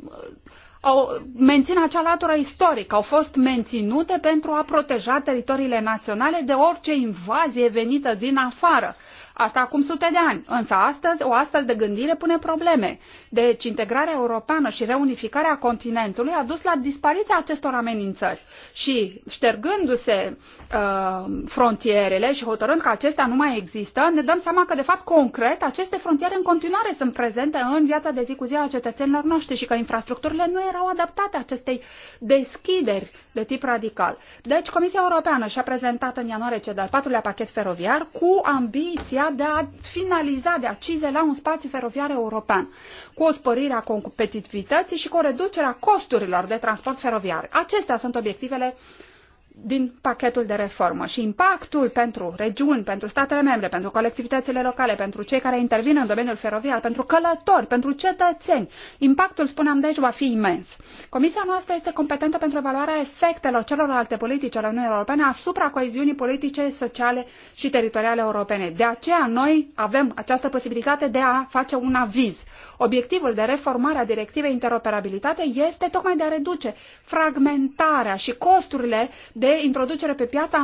au, mențin acea latură istorică, au fost menținute pentru a proteja teritoriile naționale de orice invazie venită din afară. Uh, Asta acum sute de ani. Însă astăzi o astfel de gândire pune probleme. Deci integrarea europeană și reunificarea continentului a dus la dispariția acestor amenințări. Și ștergându-se uh, frontierele și hotărând că acestea nu mai există, ne dăm seama că de fapt concret aceste frontiere în continuare sunt prezente în viața de zi cu zi a cetățenilor noștri și că infrastructurile nu erau adaptate acestei deschideri de tip radical. Deci Comisia Europeană și-a prezentat în ianuarie cel de-al patrulea pachet feroviar cu ambiția de a finaliza, de a cizela un spațiu feroviar european, cu o spărire a competitivității și cu o reducere a costurilor de transport feroviar. Acestea sunt obiectivele uh, din pachetul de reformă și impactul pentru regiuni, pentru statele membre, pentru colectivitățile locale, pentru cei care intervin în domeniul feroviar, pentru călători, pentru cetățeni, impactul, spuneam deci, va fi imens. Comisia noastră este competentă pentru evaluarea efectelor celorlalte politici ale Uniunii Europene asupra coeziunii politice, sociale și teritoriale europene. De aceea noi avem această posibilitate de a face un aviz. Obiectivul de reformare a directivei interoperabilitate este tocmai de a reduce fragmentarea și costurile de introducere pe piață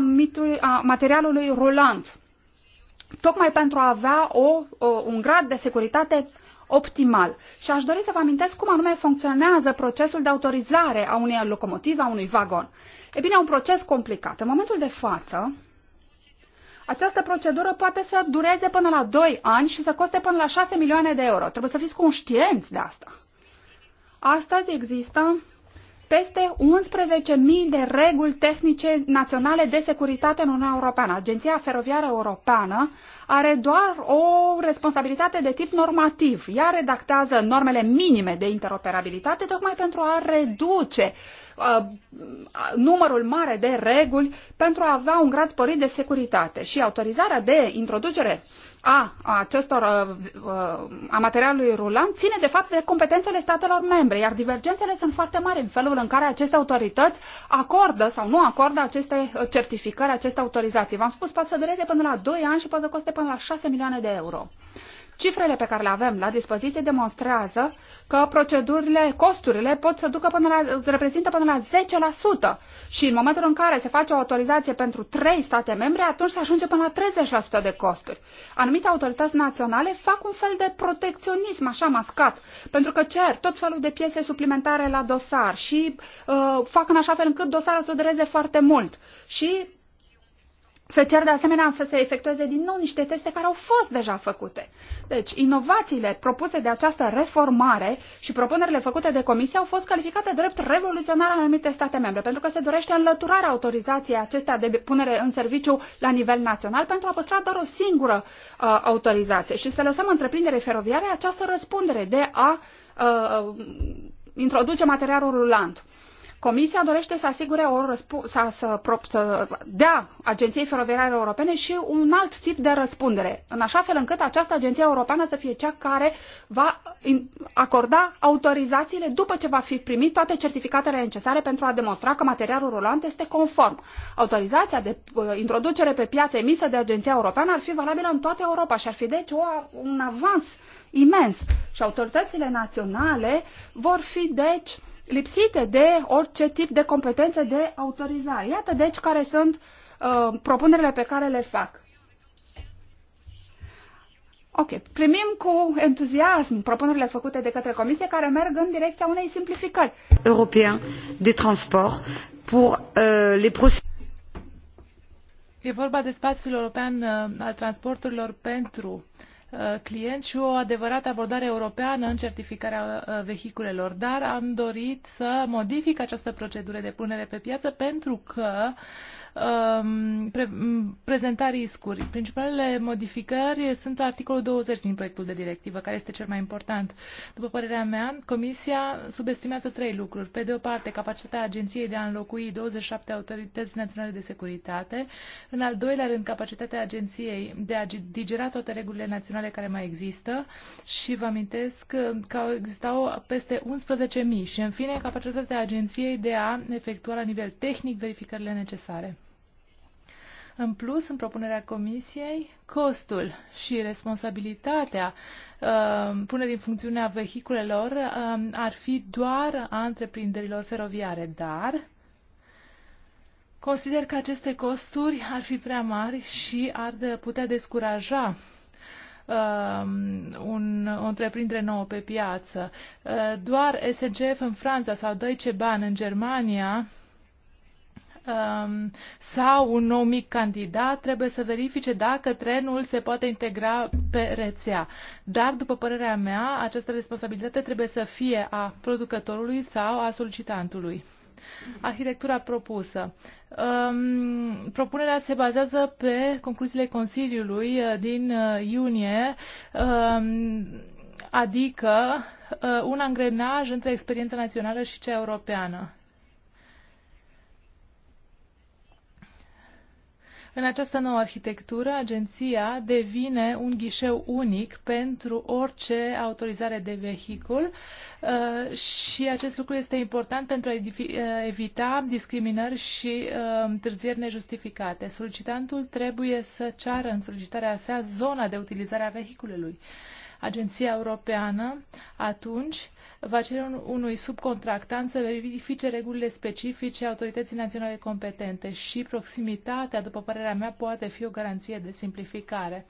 a, materialului rulant, tocmai pentru a avea o, o, un grad de securitate optimal. Și aș dori să vă amintesc cum anume funcționează procesul de autorizare a unei locomotive, a unui vagon. E bine, un proces complicat. În momentul de față, această procedură poate să dureze până la 2 ani și să coste până la 6 milioane de euro. Trebuie să fiți conștienți de asta. Astăzi există peste 11.000 de reguli tehnice naționale de securitate în Uniunea Europeană. Agenția Feroviară Europeană are doar o responsabilitate de tip normativ. Ea redactează normele minime de interoperabilitate tocmai pentru a reduce uh, numărul mare de reguli pentru a avea un grad sporit de securitate și autorizarea de introducere uh, a acestor, a materialului rulant ține de fapt de competențele statelor membre, iar divergențele sunt foarte mari în felul în care aceste autorități acordă sau nu acordă aceste uh, certificări, aceste autorizații. V-am spus, poate să dureze până la 2 ani și poate să coste până la 6 milioane de euro. Cifrele pe care le avem la dispoziție demonstrează că procedurile, costurile pot să ducă până la, reprezintă până la 10% și în momentul în care se face o autorizație pentru 3 state membre, atunci se ajunge până la 30% de costuri. Anumite autorități naționale fac un fel de protecționism așa mascat, pentru că cer tot felul de piese suplimentare la dosar și uh, fac în așa fel încât dosarul să dureze foarte mult. Și se cer de asemenea să se efectueze din nou niște teste care au fost deja făcute. Deci, inovațiile propuse de această reformare și propunerile făcute de comisie au fost calificate drept revoluționare în anumite state membre, pentru că se dorește înlăturarea autorizației acestea de punere în serviciu la nivel național pentru a păstra doar o singură uh, autorizație și să lăsăm întreprinderii feroviare această răspundere de a uh, introduce materialul rulant. Comisia dorește să asigure o să, să, să dea Agenției Feroviare Europene și un alt tip de răspundere, în așa fel încât această agenție europeană să fie cea care va acorda autorizațiile după ce va fi primit toate certificatele necesare pentru a demonstra că materialul rulant este conform. Autorizația de uh, introducere pe piață emisă de Agenția Europeană ar fi valabilă în toată Europa și ar fi deci o, un avans imens și autoritățile naționale vor fi deci lipsite de orice tip de competențe de autorizare. Iată deci care sunt uh, propunerile pe care le fac. Ok, primim cu entuziasm propunerile făcute de către Comisie care merg în direcția unei simplificări. European de transport pour uh, les E vorba de spațiul european uh, al transporturilor pentru uh, Uh, clienți și o adevărată abordare europeană în certificarea uh, vehiculelor. Dar am dorit să modific această procedură de punere pe piață pentru că uh, um, pre prezenta riscuri. Principalele modificări sunt articolul 20 din proiectul de directivă, care este cel mai important. După părerea mea, Comisia subestimează trei lucruri. Pe de o parte, capacitatea agenției de a înlocui 27 autorități naționale de securitate. În al doilea rând, capacitatea agenției de a digera toate regulile naționale care mai există. Și vă amintesc că existau peste 11.000 și, în fine, capacitatea agenției de a efectua la nivel tehnic verificările necesare. În plus, în propunerea Comisiei, costul și responsabilitatea uh, punerii în funcțiune a vehiculelor uh, ar fi doar a întreprinderilor feroviare, dar consider că aceste costuri ar fi prea mari și ar putea descuraja uh, un, o întreprindere nouă pe piață. doar SNCF în Franța sau Deutsche Bahn în Germania Um, sau un nou mic candidat trebuie să verifice dacă trenul se poate integra pe rețea. Dar, după părerea mea, această responsabilitate trebuie să fie a producătorului sau a solicitantului. Arhitectura propusă. Um, propunerea se bazează pe concluziile Consiliului uh, din uh, iunie, um, adică uh, un angrenaj între experiența națională și cea europeană. În această nouă arhitectură, agenția devine un ghișeu unic pentru orice autorizare de vehicul uh, și acest lucru este important pentru a uh, evita discriminări și uh, întârzieri nejustificate. Solicitantul trebuie să ceară în solicitarea sa zona de utilizare a vehiculului. Agenția Europeană atunci va cere unui subcontractant să verifice regulile specifice autorității naționale competente și proximitatea, după părerea mea, poate fi o garanție de simplificare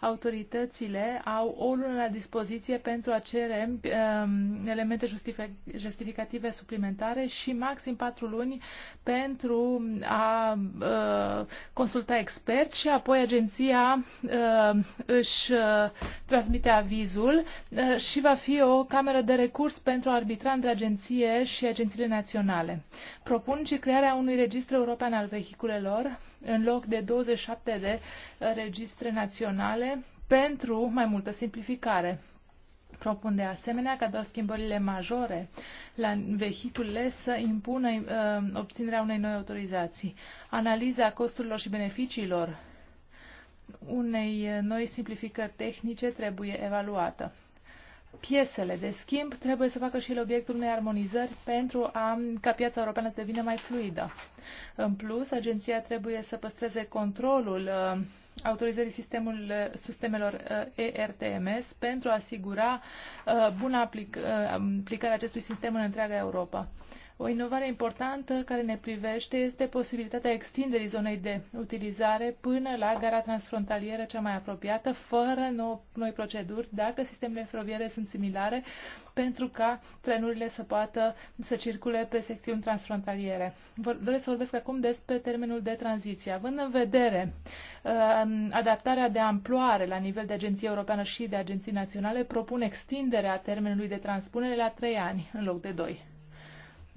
autoritățile au o lună la dispoziție pentru a cere um, elemente justific- justificative suplimentare și maxim patru luni pentru a uh, consulta experți și apoi agenția uh, își uh, transmite avizul uh, și va fi o cameră de recurs pentru a arbitra între agenție și agențiile naționale. Propun și crearea unui registru european al vehiculelor în loc de 27 de registre naționale pentru mai multă simplificare. Propun de asemenea ca doar schimbările majore la vehiculele să impună uh, obținerea unei noi autorizații. Analiza costurilor și beneficiilor unei uh, noi simplificări tehnice trebuie evaluată. Piesele de schimb trebuie să facă și ele obiectul unei armonizări pentru a, ca piața europeană să devină mai fluidă. În plus, agenția trebuie să păstreze controlul uh, autorizării sistemul, sistemelor uh, ERTMS pentru a asigura uh, buna aplic, uh, aplicarea acestui sistem în întreaga Europa. O inovare importantă care ne privește este posibilitatea extinderii zonei de utilizare până la gara transfrontalieră cea mai apropiată, fără nou, noi proceduri, dacă sistemele feroviare sunt similare, pentru ca trenurile să poată să circule pe secțiuni transfrontaliere. Doresc să vorbesc acum despre termenul de tranziție. Având în vedere uh, adaptarea de amploare la nivel de agenție europeană și de agenții naționale, propun extinderea termenului de transpunere la 3 ani în loc de 2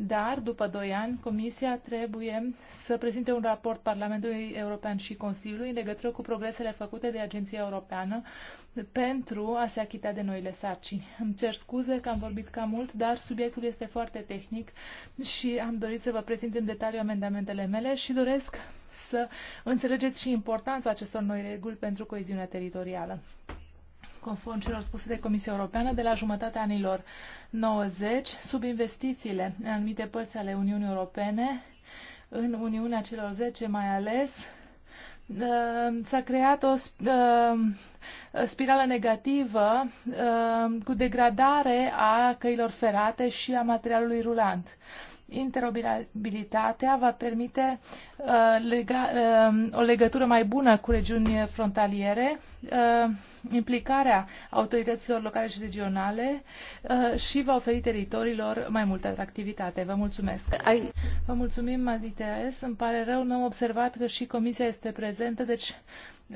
dar după doi ani Comisia trebuie să prezinte un raport Parlamentului European și Consiliului în legătură cu progresele făcute de Agenția Europeană pentru a se achita de noile sarcini. Îmi cer scuze că am vorbit cam mult, dar subiectul este foarte tehnic și am dorit să vă prezint în detaliu amendamentele mele și doresc să înțelegeți și importanța acestor noi reguli pentru coeziunea teritorială conform celor spuse de Comisia Europeană, de la jumătatea anilor 90, sub investițiile în anumite părți ale Uniunii Europene, în Uniunea celor 10 mai ales, uh, s-a creat o uh, spirală negativă uh, cu degradare a căilor ferate și a materialului rulant interoperabilitatea va permite uh, lega, uh, o legătură mai bună cu regiuni frontaliere, uh, implicarea autorităților locale și regionale uh, și va oferi teritoriilor mai multă atractivitate. Vă mulțumesc! Ai... Vă mulțumim, Maditeas. Îmi pare rău, nu am observat că și comisia este prezentă, deci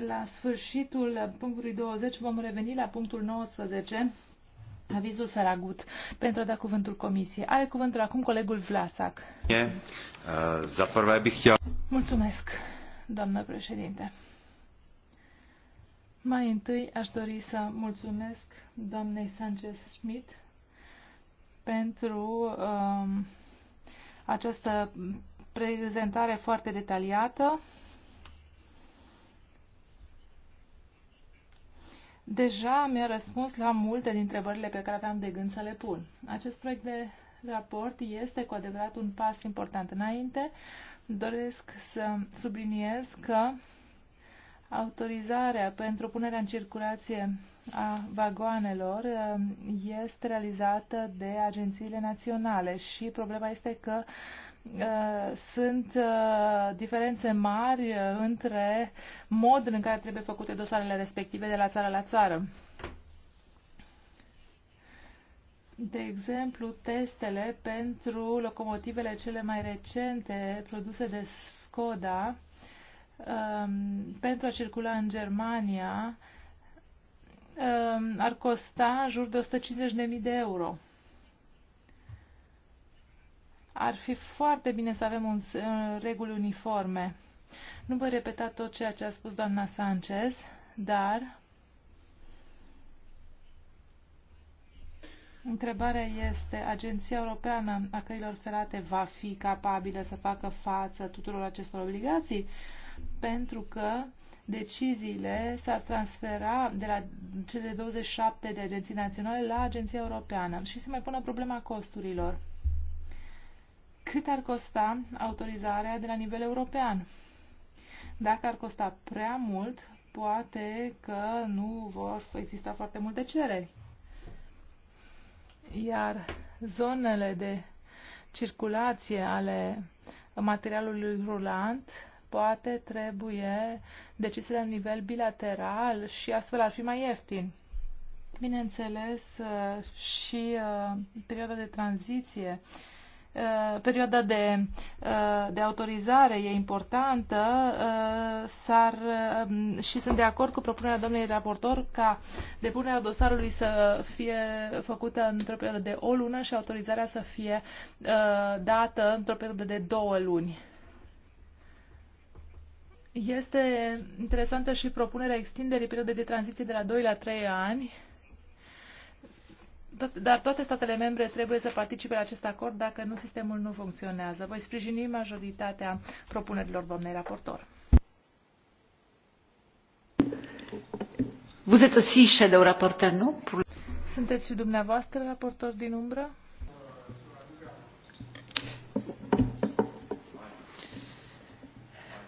la sfârșitul punctului 20 vom reveni la punctul 19 avizul Feragut pentru a da cuvântul comisiei. Are cuvântul acum colegul Vlasac. Mulțumesc, doamnă președinte. Mai întâi aș dori să mulțumesc doamnei Sanchez Schmidt pentru um, această prezentare foarte detaliată deja mi-a răspuns la multe din întrebările pe care aveam de gând să le pun. Acest proiect de raport este cu adevărat un pas important înainte. Doresc să subliniez că autorizarea pentru punerea în circulație a vagoanelor este realizată de agențiile naționale și problema este că Uh, sunt uh, diferențe mari uh, între modul în care trebuie făcute dosarele respective de la țară la țară. De exemplu, testele pentru locomotivele cele mai recente produse de Skoda um, pentru a circula în Germania um, ar costa în jur de 150.000 de euro. Ar fi foarte bine să avem un, un reguli uniforme. Nu voi repeta tot ceea ce a spus doamna Sanchez, dar Întrebarea este, Agenția Europeană a Căilor Ferate va fi capabilă să facă față tuturor acestor obligații? Pentru că deciziile s-ar transfera de la cele 27 de agenții naționale la Agenția Europeană și se mai pune problema costurilor cât ar costa autorizarea de la nivel european. Dacă ar costa prea mult, poate că nu vor exista foarte multe cereri. Iar zonele de circulație ale materialului rulant poate trebuie decise la nivel bilateral și astfel ar fi mai ieftin. Bineînțeles, uh, și uh, perioada de tranziție Eh, perioada de, eh, de autorizare e importantă eh, s-ar, și sunt de acord cu propunerea domnului raportor ca depunerea dosarului să fie făcută într-o perioadă de o lună și autorizarea să fie dată într-o perioadă de două luni. Este interesantă și propunerea extinderii perioadei de tranziție de la 2 la 3 ani dar toate statele membre trebuie să participe la acest acord dacă nu sistemul nu funcționează. Voi sprijini majoritatea propunerilor doamnei raportor. Vous êtes aussi shadow rapporteur, non? Sunteți și dumneavoastră raportor din umbră?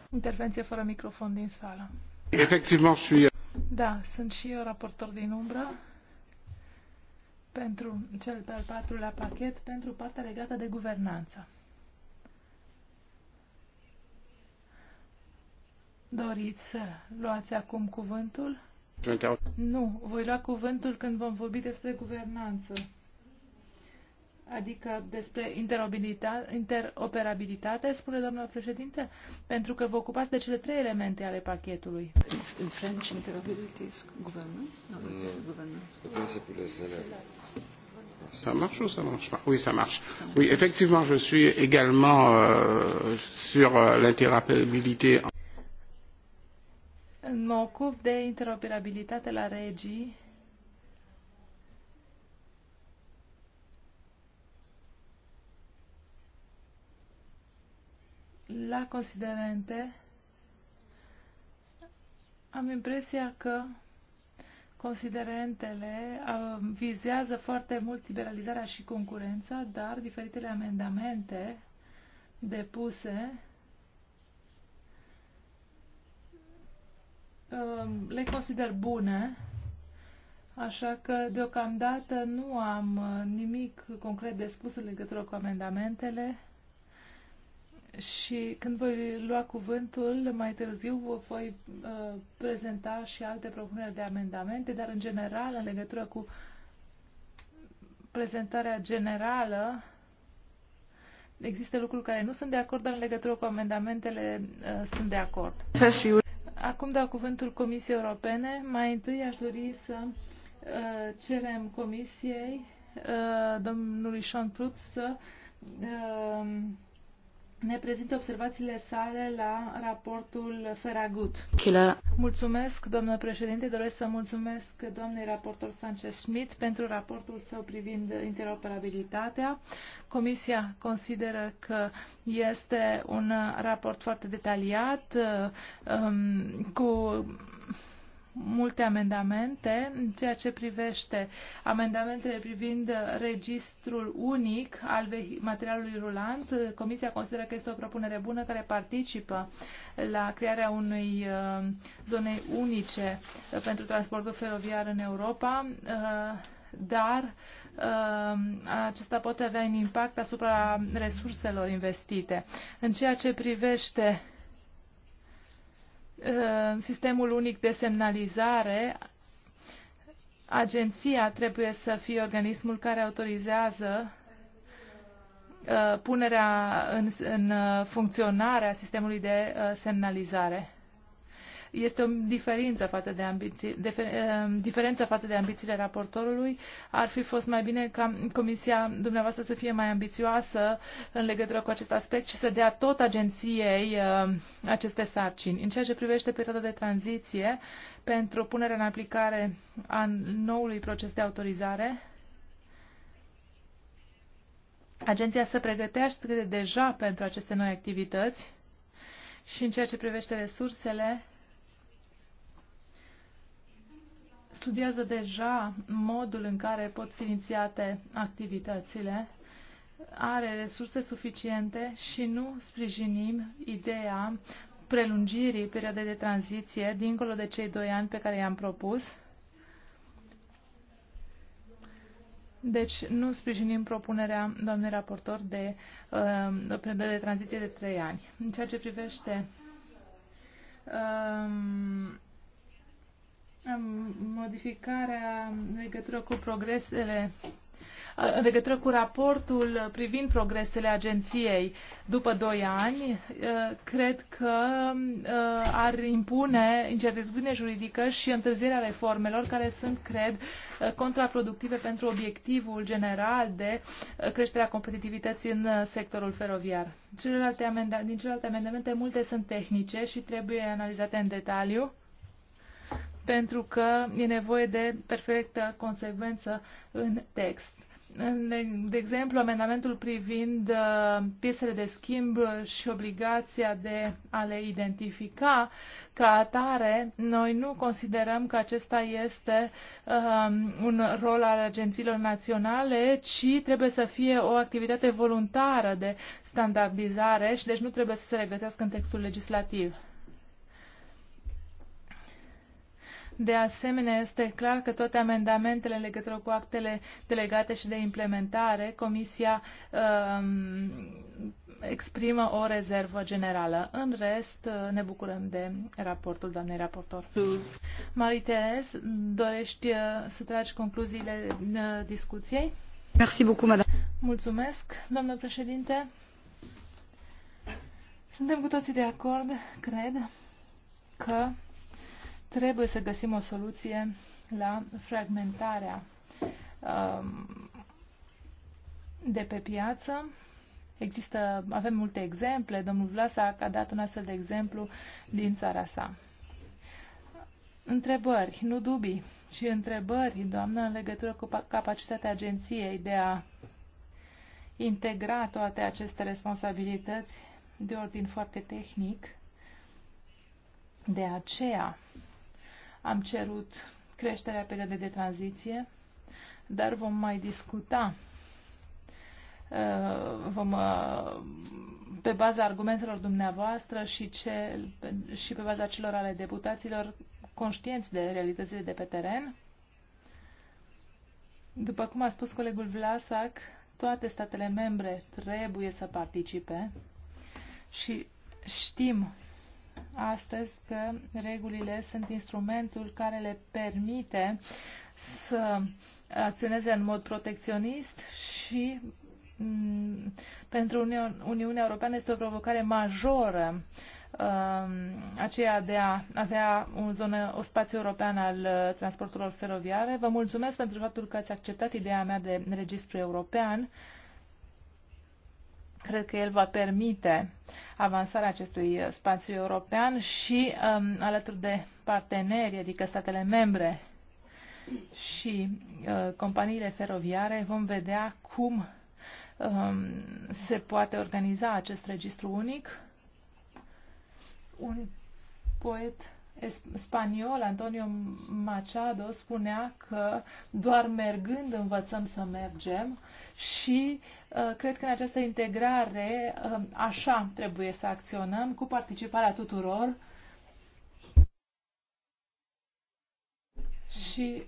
Intervenție fără microfon din sală. Efectiv, Da, sunt și eu raportor din umbră pentru cel pe-al patrulea pachet pentru partea legată de guvernanță. Doriți să luați acum cuvântul? Nu, voi lua cuvântul când vom vorbi despre guvernanță adică despre interoperabilitate, spune domnul președinte, pentru că vă ocupați de cele trei elemente ale pachetului. În French, interoperability is governance? No, Ça marche ou ça marche pas Oui, ça marche. Oui, effectivement, je suis également euh, sur euh, l'interopérabilité. Mă ocup de de la régie. la considerente am impresia că considerentele uh, vizează foarte mult liberalizarea și concurența, dar diferitele amendamente depuse um, le consider bune, așa că deocamdată nu am uh, nimic concret de spus în legătură cu amendamentele și când voi lua cuvântul mai târziu, vă voi uh, prezenta și alte propuneri de amendamente, dar în general, în legătură cu prezentarea generală, există lucruri care nu sunt de acord, dar în legătură cu amendamentele uh, sunt de acord. Acum dau cuvântul Comisiei Europene. Mai întâi aș dori să uh, cerem Comisiei uh, domnului Sean Prut să uh, ne prezintă observațiile sale la raportul Feragut. Mulțumesc, domnule președinte. Doresc să mulțumesc doamnei raportor Sanchez Schmidt pentru raportul său privind interoperabilitatea. Comisia consideră că este un raport foarte detaliat, um, cu multe amendamente în ceea ce privește amendamentele privind registrul unic al materialului rulant. Comisia consideră că este o propunere bună care participă la crearea unei uh, zone unice uh, pentru transportul feroviar în Europa, uh, dar acesta poate avea un impact asupra resurselor investite. În ceea ce privește Uh, sistemul unic de semnalizare, agenția trebuie să fie organismul care autorizează uh, punerea în, în uh, funcționare a sistemului de semnalizare. Este o diferență față de, ambiții, difer, ehm, diferență față de ambițiile raportorului. Ar fi fost mai bine ca comisia dumneavoastră să fie mai ambițioasă în legătură cu acest aspect și să dea tot agenției ehm, aceste sarcini. În ceea ce privește perioada de tranziție pentru punerea în aplicare a noului proces de autorizare, agenția se pregătește deja pentru aceste noi activități și în ceea ce privește resursele, studiază deja modul în care pot fi inițiate activitățile, are resurse suficiente și nu sprijinim ideea prelungirii perioadei de tranziție dincolo de cei doi ani pe care i-am propus. Deci nu sprijinim propunerea doamnei raportor de uh, perioadă de tranziție de trei ani. În ceea ce privește uh, modificarea în legătură cu progresele în legătură cu raportul privind progresele agenției după 2 ani, uh, cred că uh, ar impune incertitudine juridică și întârzierea reformelor care sunt, cred, uh, contraproductive pentru obiectivul general de creșterea competitivității în sectorul feroviar. Celelalte din celelalte amendamente, multe sunt tehnice și trebuie analizate în detaliu pentru că e nevoie de perfectă consecvență în text. De exemplu, amendamentul privind uh, piesele de schimb și obligația de a le identifica ca atare, noi nu considerăm că acesta este um, un rol al agențiilor naționale, ci trebuie să fie o activitate voluntară de standardizare și deci nu trebuie să se regăsească în textul legislativ. De asemenea, este clar că toate amendamentele în legătură cu actele delegate și de implementare, Comisia um, exprimă o rezervă generală. În rest, ne bucurăm de raportul doamnei raportor. Marie-Thérèse, dorești uh, să tragi concluziile uh, discuției? Merci beaucoup, madame. Mulțumesc, domnule președinte. Suntem cu toții de acord, cred, că Trebuie să găsim o soluție la fragmentarea um, de pe piață. Există, avem multe exemple. Domnul Vlasac a dat un astfel de exemplu din țara sa. Întrebări, nu dubii, ci întrebări, doamnă, în legătură cu capacitatea agenției de a integra toate aceste responsabilități de ordin foarte tehnic. De aceea am cerut creșterea perioadei de tranziție, dar vom mai discuta uh, vom, uh, pe baza argumentelor dumneavoastră și, ce, și pe baza celor ale deputaților conștienți de realitățile de pe teren. După cum a spus colegul Vlasac, toate statele membre trebuie să participe și știm astăzi că regulile sunt instrumentul care le permite să acționeze în mod protecționist și mm, pentru Uniunea Europeană este o provocare majoră um, aceea de a avea un zonă, o spațiu european al uh, transporturilor feroviare. Vă mulțumesc pentru faptul că ați acceptat ideea mea de registru european Cred că el va permite avansarea acestui spațiu european și um, alături de parteneri, adică statele membre și uh, companiile feroviare, vom vedea cum um, se poate organiza acest registru unic. Un poet spaniol, Antonio Machado, spunea că doar mergând învățăm să mergem și uh, cred că în această integrare um, așa trebuie să acționăm, cu participarea tuturor și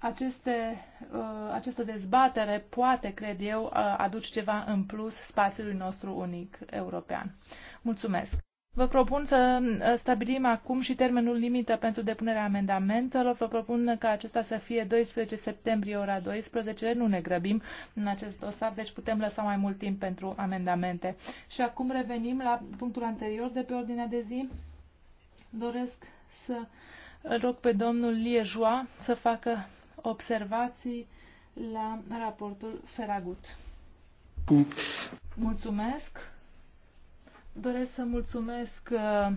aceste, uh, această dezbatere poate, cred eu, uh, aduce ceva în plus spațiului nostru unic european. Mulțumesc! Vă propun să uh, stabilim acum și termenul limită pentru depunerea amendamentelor. Vă propun ca acesta să fie 12 septembrie, ora 12. Nu ne grăbim în acest dosar, deci putem lăsa mai mult timp pentru amendamente. Și acum revenim la punctul anterior de pe ordinea de zi. Doresc să îl rog pe domnul Liejoa să facă observații la raportul Feragut. Mulțumesc. Doresc să mulțumesc uh,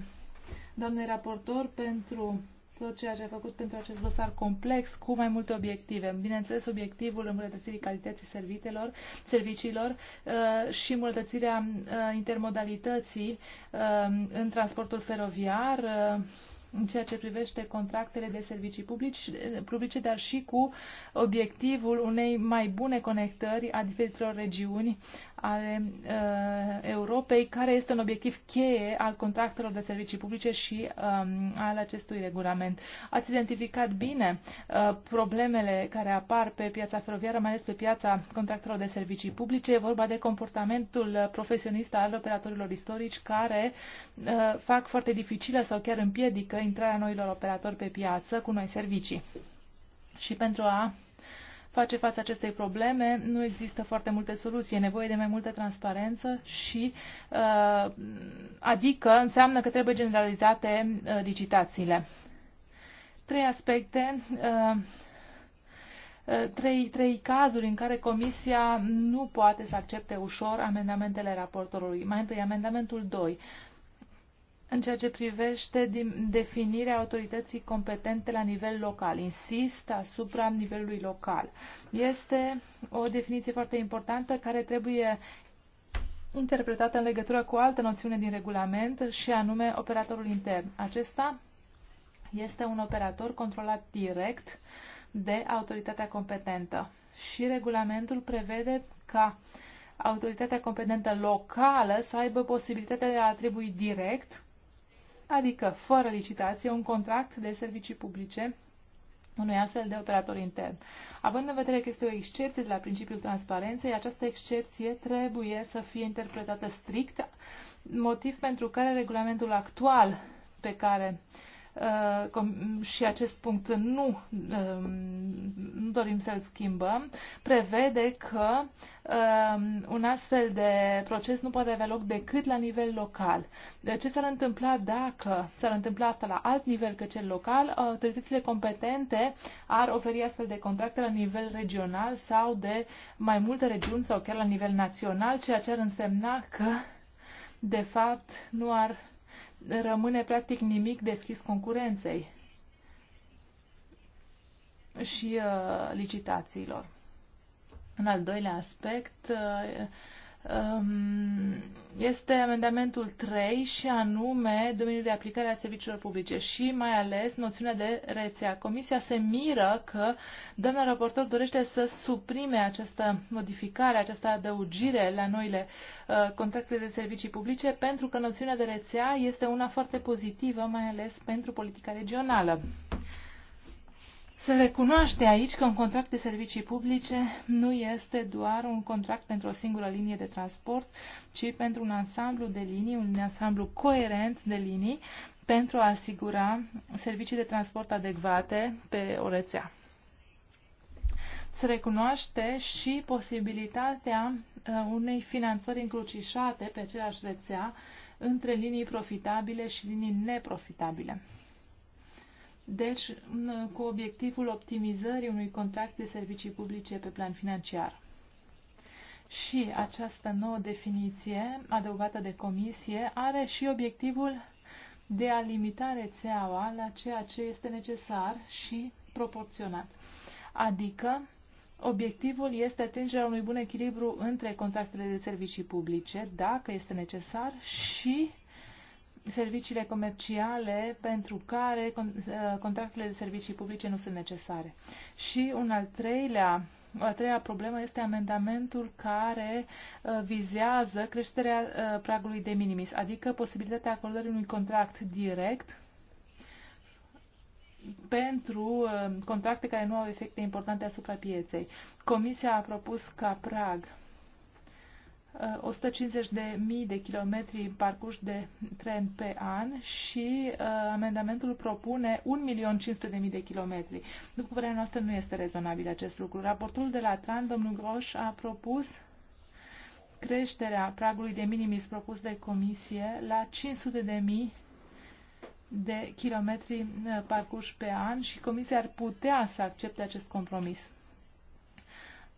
doamnei raportor pentru tot ceea ce a făcut pentru acest dosar complex cu mai multe obiective. Bineînțeles, obiectivul îmbunătățirii calității servitelor, serviciilor uh, și îmbunătățirea uh, intermodalității în transportul feroviar în ceea ce privește contractele de servicii publici, publice, dar și cu obiectivul unei mai bune conectări a diferitelor regiuni ale uh, Europei, care este un obiectiv cheie al contractelor de servicii publice și um, al acestui regulament. Ați identificat bine uh, problemele care apar pe piața feroviară, mai ales pe piața contractelor de servicii publice. E vorba de comportamentul profesionist al operatorilor istorici care uh, fac foarte dificilă sau chiar împiedică intrarea noilor operatori pe piață cu noi servicii. Și pentru a face față acestei probleme, nu există foarte multe soluții. E nevoie de mai multă transparență și uh, adică înseamnă că trebuie generalizate uh, licitațiile. Trei aspecte uh, trei, trei cazuri în care Comisia nu poate să accepte ușor amendamentele raportorului. Mai întâi, amendamentul 2 în ceea ce privește definirea autorității competente la nivel local. Insist asupra nivelului local. Este o definiție foarte importantă care trebuie interpretată în legătură cu o altă noțiune din regulament și anume operatorul intern. Acesta este un operator controlat direct de autoritatea competentă și regulamentul prevede ca autoritatea competentă locală să aibă posibilitatea de a atribui direct adică fără licitație, un contract de servicii publice unui astfel de operator intern. Având în vedere că este o excepție de la principiul transparenței, această excepție trebuie să fie interpretată strict, motiv pentru care regulamentul actual pe care uh, Uh, și acest punct nu, um, nu dorim să-l schimbăm, prevede că um, un astfel de proces nu poate avea loc decât la nivel local. De ce s-ar întâmpla dacă s-ar întâmpla asta la alt nivel că cel local? Autoritățile competente ar oferi astfel de contracte la nivel regional sau de mai multe regiuni sau chiar la nivel național, ceea ce ar însemna că de fapt nu ar rămâne practic nimic deschis concurenței și uh, licitațiilor. În al doilea aspect uh, Um, este amendamentul 3 și anume domeniul de aplicare a serviciilor publice și mai ales noțiunea de rețea. Comisia se miră că doamna raportor dorește să suprime această modificare, această adăugire la noile uh, contracte de servicii publice pentru că noțiunea de rețea este una foarte pozitivă, mai ales pentru politica regională. Se recunoaște aici că un contract de servicii publice nu este doar un contract pentru o singură linie de transport, ci pentru un ansamblu de linii, un ansamblu coerent de linii, pentru a asigura servicii de transport adecvate pe o rețea. Se recunoaște și posibilitatea uh, unei finanțări încrucișate pe aceeași rețea între linii profitabile și linii neprofitabile deci cu obiectivul optimizării unui contract de servicii publice pe plan financiar. Și această nouă definiție adăugată de comisie are și obiectivul de a limita rețeaua la ceea ce este necesar și proporționat. Adică, obiectivul este atingerea unui bun echilibru între contractele de servicii publice, dacă este necesar, și serviciile comerciale pentru care uh, contractele de servicii publice nu sunt necesare. Și un al treilea, o a treia problemă este amendamentul care uh, vizează creșterea uh, pragului de minimis, adică posibilitatea acordării unui contract direct pentru contracte care nu au efecte importante asupra pieței. Comisia a propus ca prag 150.000 uh, de de kilometri parcurși de tren pe an și uh, amendamentul propune 1.500.000 de kilometri. După părerea noastră nu este rezonabil acest lucru. Raportul de la TRAN, domnul Groș, a propus creșterea pragului de minimis propus de comisie la 500.000 de kilometri uh, parcurși pe an și comisia ar putea să accepte acest compromis.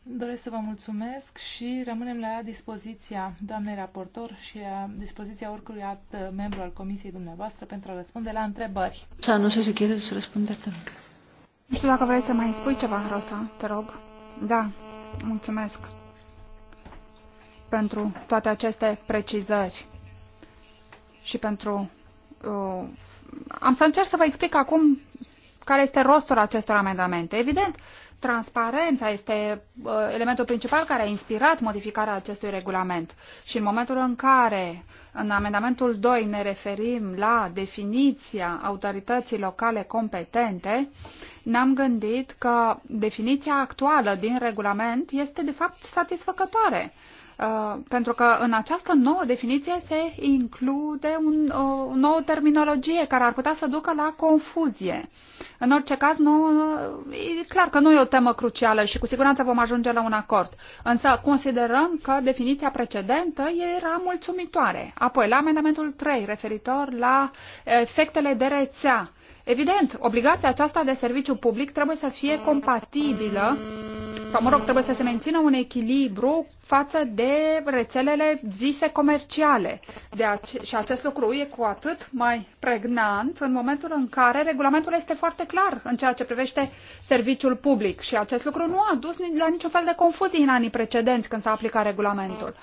Doresc să vă mulțumesc și rămânem la dispoziția doamnei raportor și la dispoziția oricui alt uh, membru al comisiei dumneavoastră pentru a răspunde la întrebări. Sau nu se ce să răspunde, te rog. Nu știu dacă vrei să mai spui ceva, Rosa, te rog. Da, mulțumesc pentru toate aceste precizări și pentru... Uh, am să încerc să vă explic acum care este rostul acestor amendamente. Evident, transparența este uh, elementul principal care a inspirat modificarea acestui regulament. Și în momentul în care, în amendamentul 2, ne referim la definiția autorității locale competente, ne-am gândit că definiția actuală din regulament este, de fapt, satisfăcătoare Uh, pentru că în această nouă definiție se include un, o, uh, o nouă terminologie care ar putea să ducă la confuzie. În orice caz, nu, uh, e clar că nu e o temă crucială și cu siguranță vom ajunge la un acord. Însă considerăm că definiția precedentă era mulțumitoare. Apoi, la amendamentul 3, referitor la efectele de rețea Evident, obligația aceasta de serviciu public trebuie să fie compatibilă sau, mă rog, trebuie să se mențină un echilibru față de rețelele zise comerciale. De ace- și acest lucru e cu atât mai pregnant în momentul în care regulamentul este foarte clar în ceea ce privește serviciul public și acest lucru nu a dus la niciun fel de confuzie în anii precedenți când s-a aplicat regulamentul.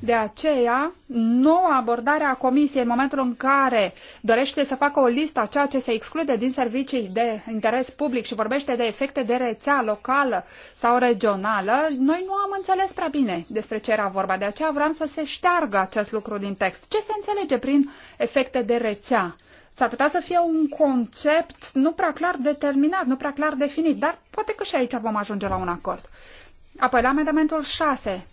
De aceea, noua abordare a Comisiei în momentul în care dorește să facă o listă a ceea ce se exclude din servicii de interes public și vorbește de efecte de rețea locală sau regională, noi nu am înțeles prea bine despre ce era vorba. De aceea vreau să se șteargă acest lucru din text. Ce se înțelege prin efecte de rețea? S-ar putea să fie un concept nu prea clar determinat, nu prea clar definit, dar poate că și aici vom ajunge la un acord. Apoi, la amendamentul 6,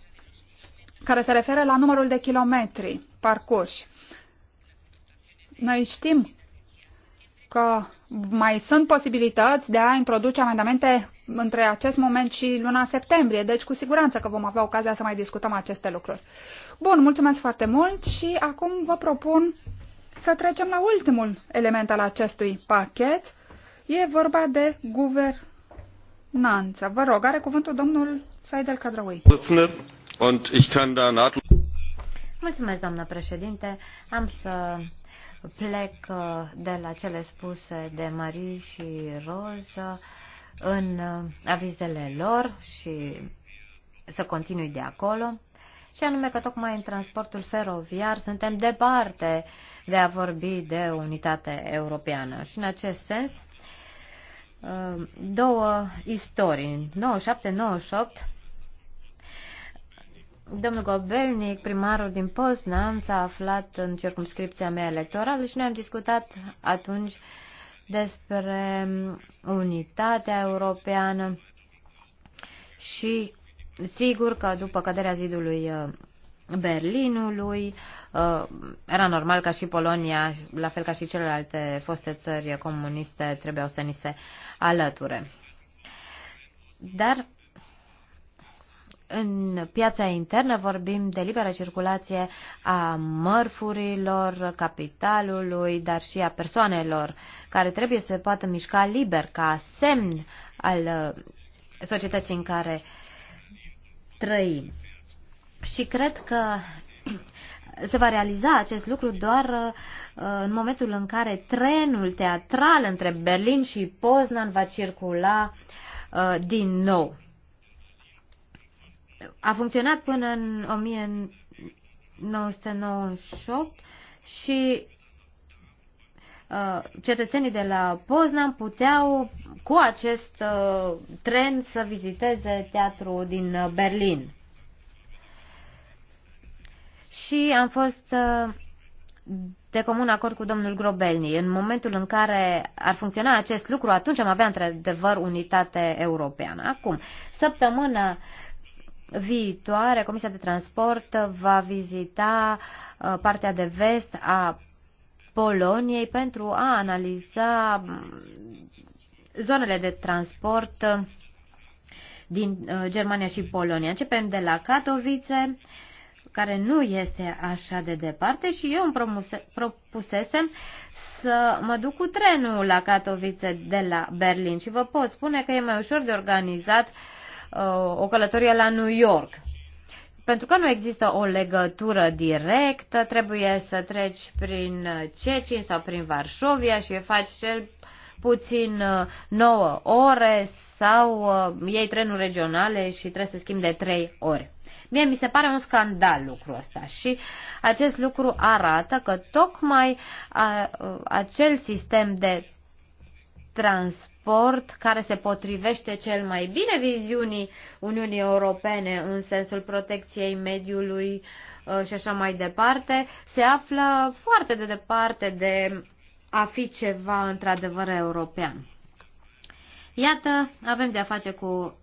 care se referă la numărul de kilometri parcurși. Noi știm că mai sunt posibilități de a introduce amendamente între acest moment și luna septembrie, deci cu siguranță că vom avea ocazia să mai discutăm aceste lucruri. Bun, mulțumesc foarte mult și acum vă propun să trecem la ultimul element al acestui pachet. E vorba de guvernanță. Vă rog, are cuvântul domnul Saidel Cadraui. Da Mulțumesc, doamnă președinte. Am să plec uh, de la cele spuse de Marie și Roz în uh, avizele lor și să continui de acolo. Și anume că tocmai în transportul feroviar suntem departe de a vorbi de unitate europeană. Și în acest sens, uh, două istorii, 97-98, Domnul Gobelnic, primarul din Poznan, s-a aflat în circumscripția mea electorală și noi am discutat atunci despre unitatea europeană și sigur că după căderea zidului uh, Berlinului. Uh, era normal ca și Polonia, la fel ca și celelalte foste țări comuniste, trebuiau să ni se alăture. Dar în piața internă vorbim de liberă circulație a mărfurilor, capitalului, dar și a persoanelor care trebuie să poată mișca liber ca semn al uh, societății în care trăim. Și cred că se va realiza acest lucru doar uh, uh, în momentul în care trenul teatral între Berlin și Poznan va circula din nou a funcționat până în 1998 și uh, cetățenii de la Poznan puteau cu acest uh, tren să viziteze teatru din uh, Berlin. Și am fost de comun acord cu domnul Grobelni. În momentul în care ar funcționa acest lucru, atunci am avea într-adevăr unitate europeană. Acum, săptămâna viitoare, Comisia de Transport va vizita uh, partea de vest a Poloniei pentru a analiza mm, zonele de transport uh, din uh, Germania și Polonia. Începem de la Katowice, care nu este așa de departe și eu îmi propusesem să mă duc cu trenul la Katowice de la Berlin și vă pot spune că e mai ușor de organizat uh, Uh, o călătorie la New York. Pentru că nu există o legătură directă, trebuie să treci prin uh, Cecin sau prin Varșovia și faci cel puțin 9 uh, ore sau iei trenuri regionale și trebuie să schimbi de 3 ori. Mie mi se pare un scandal lucrul ăsta și acest lucru arată că tocmai a, acel sistem de transport care se potrivește cel mai bine viziunii Uniunii Europene în sensul protecției mediului uh, și așa mai departe, se află foarte de departe de a fi ceva într-adevăr european. Iată, avem de-a face cu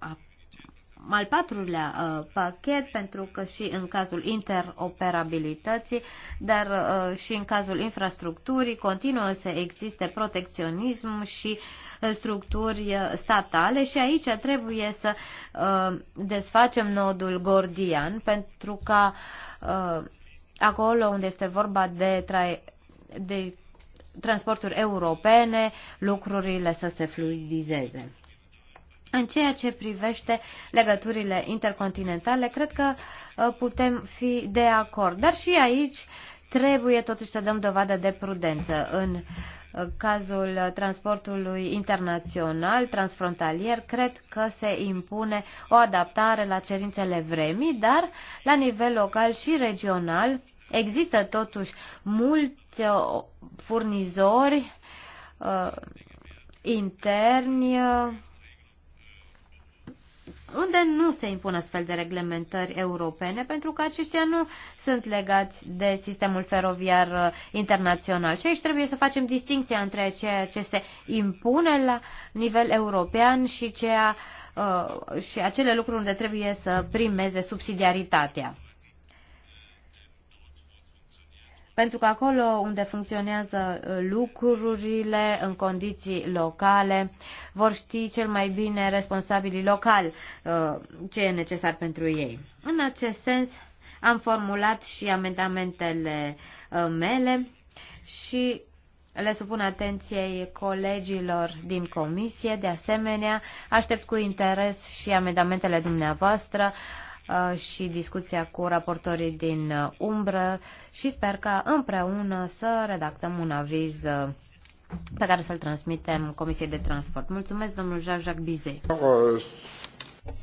al patrulea uh, pachet, pentru că și în cazul interoperabilității, dar uh, și în cazul infrastructurii, continuă să existe protecționism și uh, structuri statale și aici trebuie să desfacem nodul gordian, pentru că acolo unde este vorba de, trai, de transporturi europene, lucrurile să se fluidizeze. În ceea ce privește legăturile intercontinentale, cred că ă, putem fi de acord. Dar și aici trebuie totuși să dăm dovadă de prudență în ă, cazul transportului internațional, transfrontalier, cred că se impune o adaptare la cerințele vremii, dar la nivel local și regional există totuși mulți ă, furnizori uh, interni uh, unde nu se impun astfel de reglementări europene, pentru că aceștia nu sunt legați de sistemul feroviar uh, internațional. Și aici trebuie să facem distinția între ceea ce se impune la nivel european și, ceea, uh, și acele lucruri unde trebuie să primeze subsidiaritatea. pentru că acolo unde funcționează ă, lucrurile în condiții locale, vor ști cel mai bine responsabilii locali ă, ce e necesar pentru ei. În acest sens, am formulat și amendamentele ă, mele și le supun atenției colegilor din comisie. De asemenea, aștept cu interes și amendamentele dumneavoastră. Uh, și discuția cu raportorii din uh, umbră și sper că împreună să redactăm un aviz uh, pe care să-l transmitem Comisiei de Transport. Mulțumesc, domnul jacques Bizet.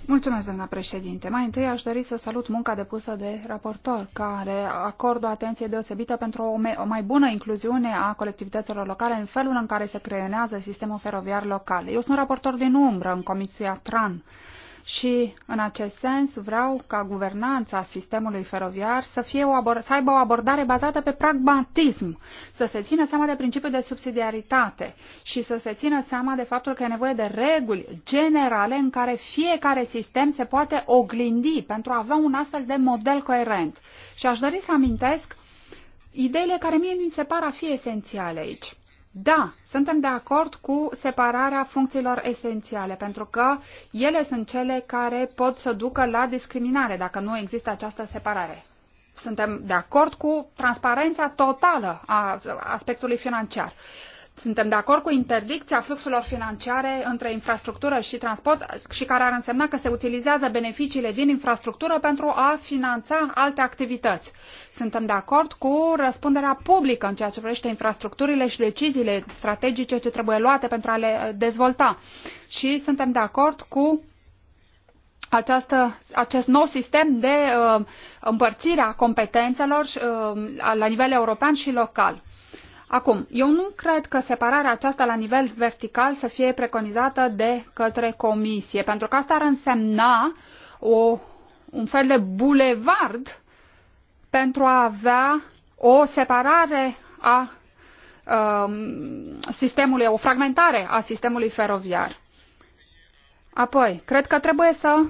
Mulțumesc, doamna președinte. Mai întâi aș dori să salut munca depusă de raportor, care acordă o atenție deosebită pentru o mai bună incluziune a colectivităților locale în felul în care se creionează sistemul feroviar local. Eu sunt raportor din umbră în Comisia TRAN și, în acest sens, vreau ca guvernanța sistemului feroviar să, fie o abor- să aibă o abordare bazată pe pragmatism, să se țină seama de principiul de subsidiaritate și să se țină seama de faptul că e nevoie de reguli generale în care fiecare sistem se poate oglindi pentru a avea un astfel de model coerent. Și aș dori să amintesc ideile care mie mi se par a fi esențiale aici. Da, suntem de acord cu separarea funcțiilor esențiale, pentru că ele sunt cele care pot să ducă la discriminare dacă nu există această separare. Suntem de acord cu transparența totală a aspectului financiar. Uh, suntem de acord cu interdicția fluxurilor financiare între infrastructură și transport și care ar însemna că se utilizează beneficiile din infrastructură pentru a finanța alte activități. Suntem de acord cu răspunderea publică în ceea ce privește infrastructurile și deciziile strategice ce trebuie luate pentru a le uh, dezvolta. Și suntem de acord cu această, acest nou sistem de uh, împărțire a competențelor uh, la nivel european și local. Acum, eu nu cred că separarea aceasta la nivel vertical să fie preconizată de către comisie, pentru că asta ar însemna o, un fel de bulevard pentru a avea o separare a um, sistemului, o fragmentare a sistemului feroviar. Apoi, cred că trebuie să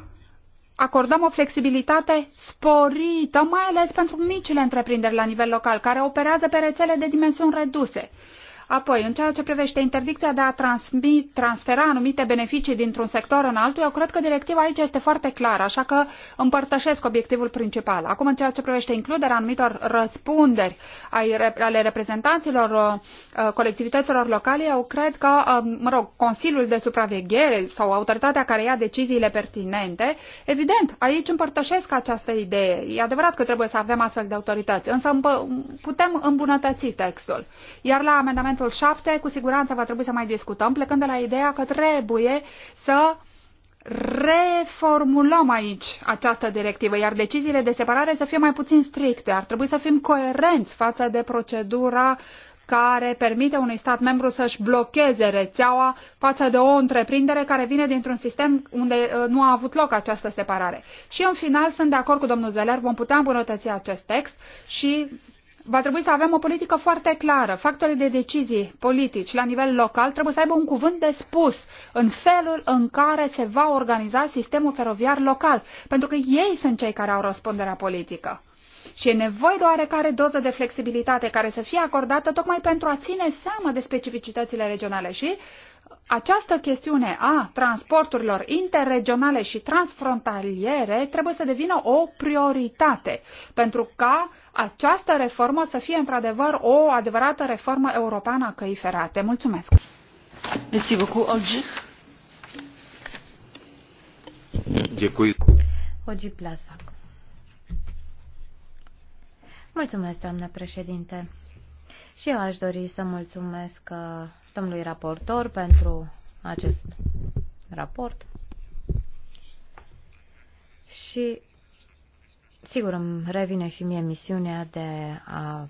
acordăm o flexibilitate sporită, mai ales pentru micile întreprinderi la nivel local, care operează pe rețele de dimensiuni reduse. Apoi, în ceea ce privește interdicția de a transfera anumite beneficii dintr-un sector în altul, eu cred că directiva aici este foarte clară, așa că împărtășesc obiectivul principal. Acum, în ceea ce privește includerea anumitor răspunderi ale reprezentanților uh, uh, colectivităților locale, eu cred că, uh, mă rog, Consiliul de Supraveghere sau autoritatea care ia deciziile pertinente, evident, aici împărtășesc această idee. E adevărat că trebuie să avem astfel de autorități, însă putem îmbunătăți textul. Iar la amendamentul amendamentul 7, cu siguranță va trebui să mai discutăm, plecând de la ideea că trebuie să reformulăm aici această directivă, iar deciziile de separare să fie mai puțin stricte. Ar trebui să fim coerenți față de procedura care permite unui stat membru să-și blocheze rețeaua față de o întreprindere care vine dintr-un sistem unde uh, nu a avut loc această separare. Și în final sunt de acord cu domnul Zeller, vom putea îmbunătăți acest text și va trebui să avem o politică foarte clară. Factorii de decizii politici la nivel local trebuie să aibă un cuvânt de spus în felul în care se va organiza sistemul feroviar local, pentru că ei sunt cei care au răspunderea politică. Și e nevoie de oarecare doză de flexibilitate care să fie acordată tocmai pentru a ține seama de specificitățile regionale și această chestiune a transporturilor interregionale și transfrontaliere trebuie să devină o prioritate, pentru ca această reformă să fie într-adevăr o adevărată reformă europeană a căii ferate. Mulțumesc! Merci beaucoup, Olgi. Děkuji. Ogi Plasak. Mulțumesc, doamnă președinte. Și eu aș dori să mulțumesc uh, domnului raportor pentru acest raport. Și sigur îmi revine și mie misiunea de a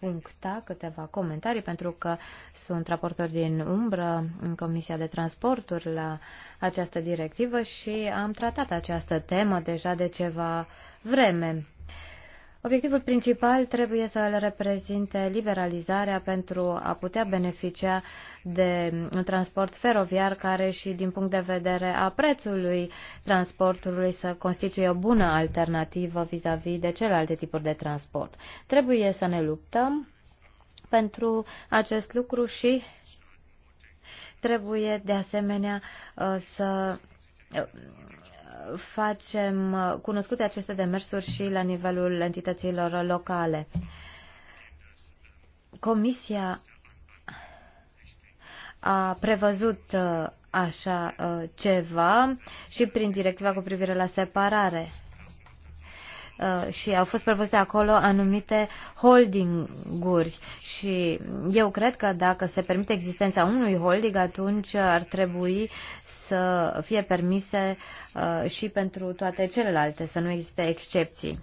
puncta câteva comentarii, pentru că sunt raportor din umbră în Comisia de Transporturi la această directivă și am tratat această temă deja de ceva vreme. Obiectivul principal trebuie să îl reprezinte liberalizarea pentru a putea beneficia de un transport feroviar care și din punct de vedere a prețului transportului să constituie o bună alternativă vis-a-vis -vis de celelalte tipuri de transport. Trebuie să ne luptăm pentru acest lucru și trebuie de asemenea uh, să uh, facem uh, cunoscute aceste demersuri și la nivelul entităților locale. Comisia a prevăzut uh, așa uh, ceva și prin directiva cu privire la separare. Și au fost prevăzute acolo anumite holdinguri și eu cred că dacă se permite existența unui holding, atunci ar trebui să fie permise uh, și pentru toate celelalte, să nu existe excepții.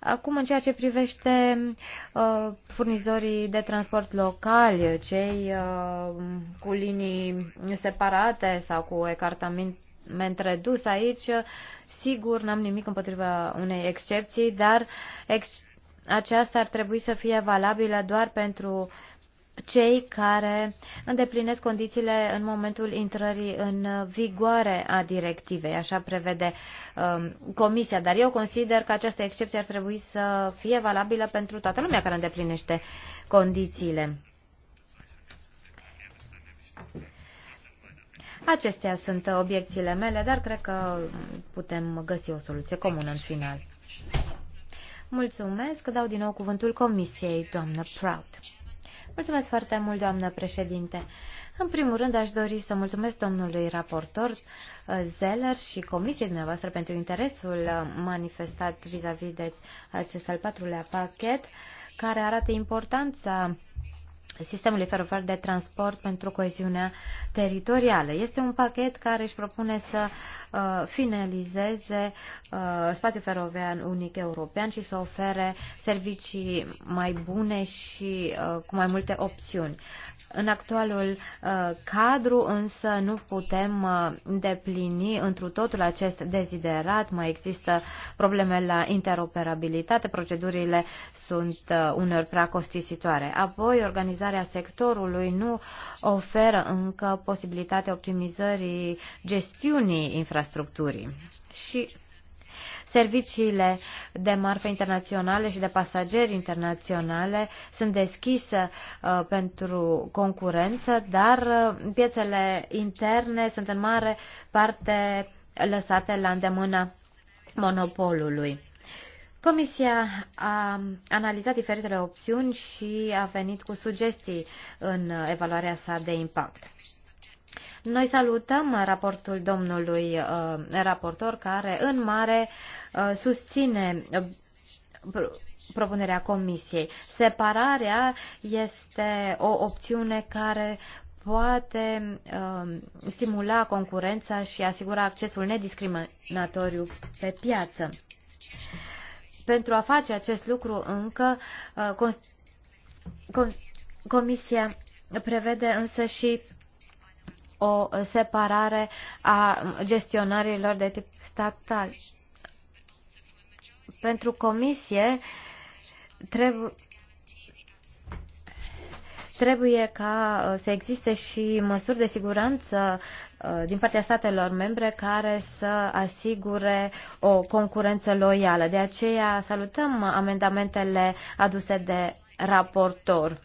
Acum, în ceea ce privește uh, furnizorii de transport locali, cei uh, cu linii separate sau cu ecartament redus aici, sigur, n-am nimic împotriva unei excepții, dar ex- aceasta ar trebui să fie valabilă doar pentru cei care îndeplinesc condițiile în momentul intrării în vigoare a directivei, așa prevede um, Comisia. Dar eu consider că această excepție ar trebui să fie valabilă pentru toată lumea care îndeplinește condițiile. Acestea sunt obiecțiile mele, dar cred că putem găsi o soluție comună în final. Mulțumesc, dau din nou cuvântul Comisiei, doamnă Prout. Mulțumesc foarte mult, doamnă președinte. În primul rând, aș dori să mulțumesc domnului raportor uh, Zeller și comisiei dumneavoastră pentru interesul uh, manifestat vis-a-vis -vis de acest al patrulea pachet, care arată importanța sistemului feroviar de transport pentru coeziunea teritorială. Este un pachet care își propune să uh, finalizeze uh, spațiul feroviar unic european și să ofere servicii mai bune și uh, cu mai multe opțiuni. În actualul uh, cadru însă nu putem uh, îndeplini uh, întru totul acest deziderat, mai există probleme la interoperabilitate, procedurile sunt uh, uneori prea costisitoare. Apoi, organizarea sectorului nu oferă încă posibilitatea optimizării gestiunii infrastructurii. Și Serviciile de marfă internaționale și de pasageri internaționale sunt deschise uh, pentru concurență, dar uh, piețele interne sunt în mare parte lăsate la îndemână monopolului. Comisia a analizat diferitele opțiuni și a venit cu sugestii în evaluarea sa de impact. Noi salutăm raportul domnului uh, raportor care în mare uh, susține uh, propunerea comisiei. Separarea este o opțiune care poate uh, stimula concurența și asigura accesul nediscriminatoriu pe piață. Pentru a face acest lucru încă, uh, Comisia prevede însă și o separare a gestionarilor de tip statal. Pentru comisie trebuie trebuie ca uh, să existe și măsuri de siguranță uh, din partea statelor membre care să asigure o concurență loială. De aceea salutăm amendamentele aduse de raportor.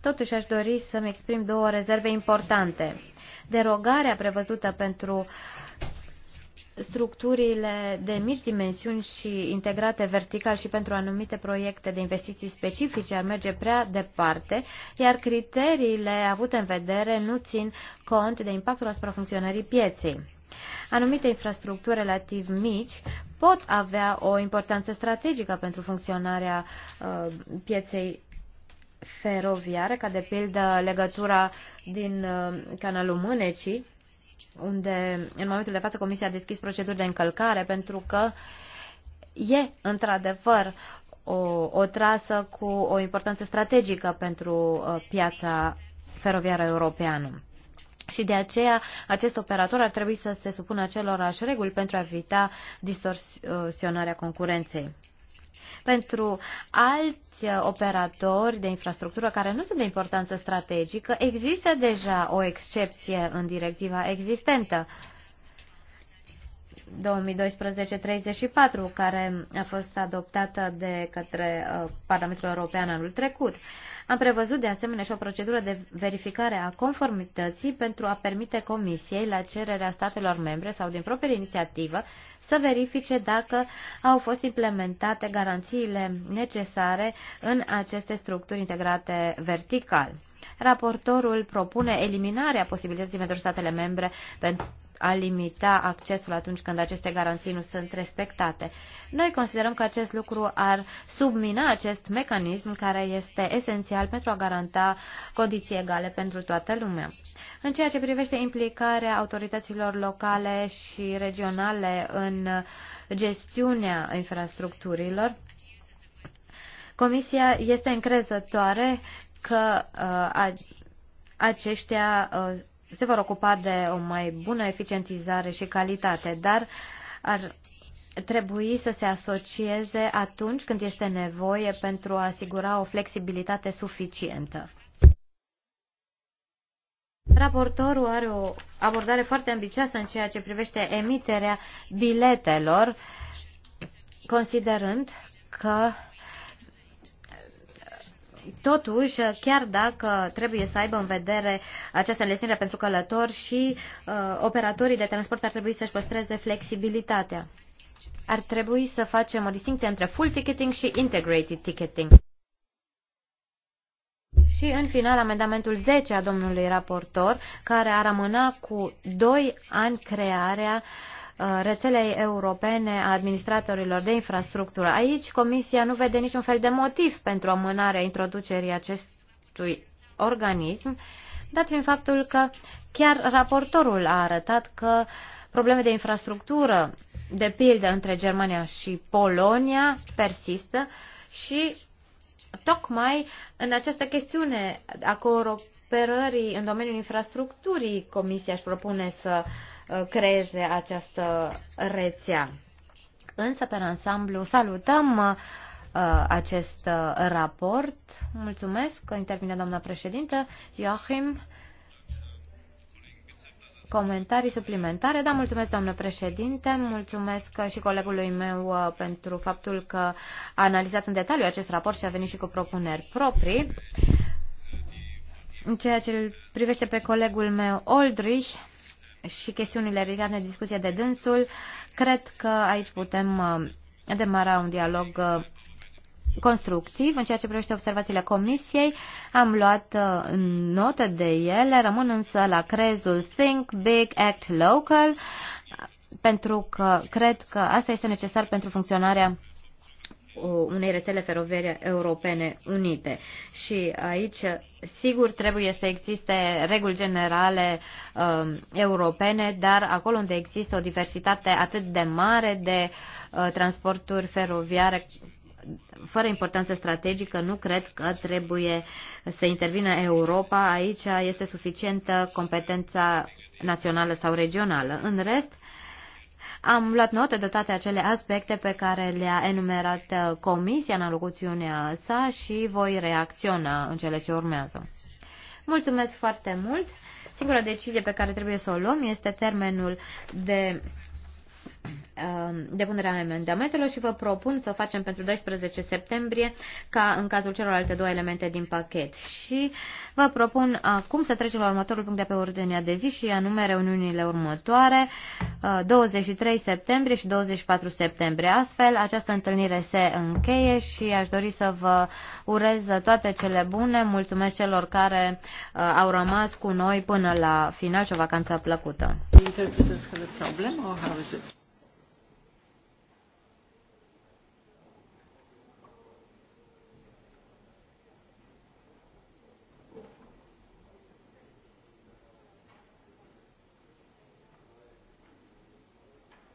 Totuși aș dori să-mi exprim două rezerve importante derogarea prevăzută pentru structurile de mici dimensiuni și integrate vertical și pentru anumite proiecte de investiții specifice ar merge prea departe, iar criteriile avute în vedere nu țin cont de impactul asupra funcționării pieței. Anumite infrastructuri relativ mici pot avea o importanță strategică pentru funcționarea uh, pieței feroviare, ca de pildă legătura din uh, canalul Mânecii, unde în momentul de față Comisia a deschis proceduri de încălcare pentru că e într-adevăr o, o trasă cu o importanță strategică pentru uh, piața feroviară europeană. Și de aceea acest operator ar trebui să se supună acelorași reguli pentru a evita distorsionarea concurenței. Pentru alt Uh, operatori de infrastructură care nu sunt de importanță strategică, există deja o excepție în directiva existentă. 2012-34, care a fost adoptată de către uh, Parlamentul European anul trecut. Am prevăzut de asemenea și o procedură de verificare a conformității pentru a permite Comisiei, la cererea statelor membre sau din proprie inițiativă, să verifice dacă au fost implementate garanțiile necesare în aceste structuri integrate vertical. Raportorul propune eliminarea posibilității pentru statele membre pentru a limita accesul atunci când aceste garanții nu sunt respectate. Noi considerăm că acest lucru ar submina acest mecanism care este esențial pentru a garanta condiții egale pentru toată lumea. În ceea ce privește implicarea autorităților locale și regionale în gestiunea infrastructurilor, Comisia este încrezătoare că uh, aceștia uh, se vor ocupa de o mai bună eficientizare și calitate, dar ar trebui să se asocieze atunci când este nevoie pentru a asigura o flexibilitate suficientă. Raportorul are o abordare foarte ambicioasă în ceea ce privește emiterea biletelor, considerând că Totuși, chiar dacă trebuie să aibă în vedere această înlesnire pentru călători și uh, operatorii de transport ar trebui să-și păstreze flexibilitatea. Ar trebui să facem o distinție între full ticketing și integrated ticketing. Și în final amendamentul 10 a domnului raportor, care ar rămâna cu 2 ani crearea uh, Uh, rețelei europene a administratorilor de infrastructură. Aici Comisia nu vede niciun fel de motiv pentru amânarea introducerii acestui organism, dat fiind faptul că chiar raportorul a arătat că probleme de infrastructură, de pildă între Germania și Polonia, persistă și tocmai în această chestiune a cooperării în domeniul infrastructurii Comisia își propune să uh, Uh, creeze această rețea. Însă, pe ansamblu, salutăm uh, acest uh, raport. Mulțumesc că intervine doamna președintă. Joachim, comentarii suplimentare. Da, mulțumesc, doamnă președinte. Mulțumesc și colegului meu pentru faptul că a analizat în detaliu acest raport și a venit și cu propuneri proprii. În ceea ce îl privește pe colegul meu, Oldrich, și chestiunile ridicate în discuție de dânsul, cred că aici putem uh, demara un dialog uh, constructiv în ceea ce privește observațiile comisiei. Am luat uh, notă de ele, rămân însă la crezul Think Big Act Local, pentru că cred că asta este necesar pentru funcționarea Uh, unei rețele feroviere europene unite. Și aici, sigur, trebuie să existe reguli generale uh, europene, dar acolo unde există o diversitate atât de mare de uh, transporturi feroviare fără importanță strategică, nu cred că trebuie să intervină Europa. Aici este suficientă competența națională sau regională. În rest, am luat note de toate acele aspecte pe care le-a enumerat uh, Comisia în alocuțiunea sa și voi reacționa în cele ce urmează. Mulțumesc foarte mult! Singura decizie pe care trebuie să o luăm este termenul de Um, depunerea amendamentelor și vă propun să o facem pentru 12 septembrie, ca în cazul celorlalte două elemente din pachet. Și vă propun acum să trecem la următorul punct de pe ordinea de zi și anume reuniunile următoare, 23 uh, septembrie și 24 septembrie. Astfel, această întâlnire se încheie și aș dori să vă urez toate cele bune. Mulțumesc celor care uh, au rămas cu noi până la final și o vacanță plăcută.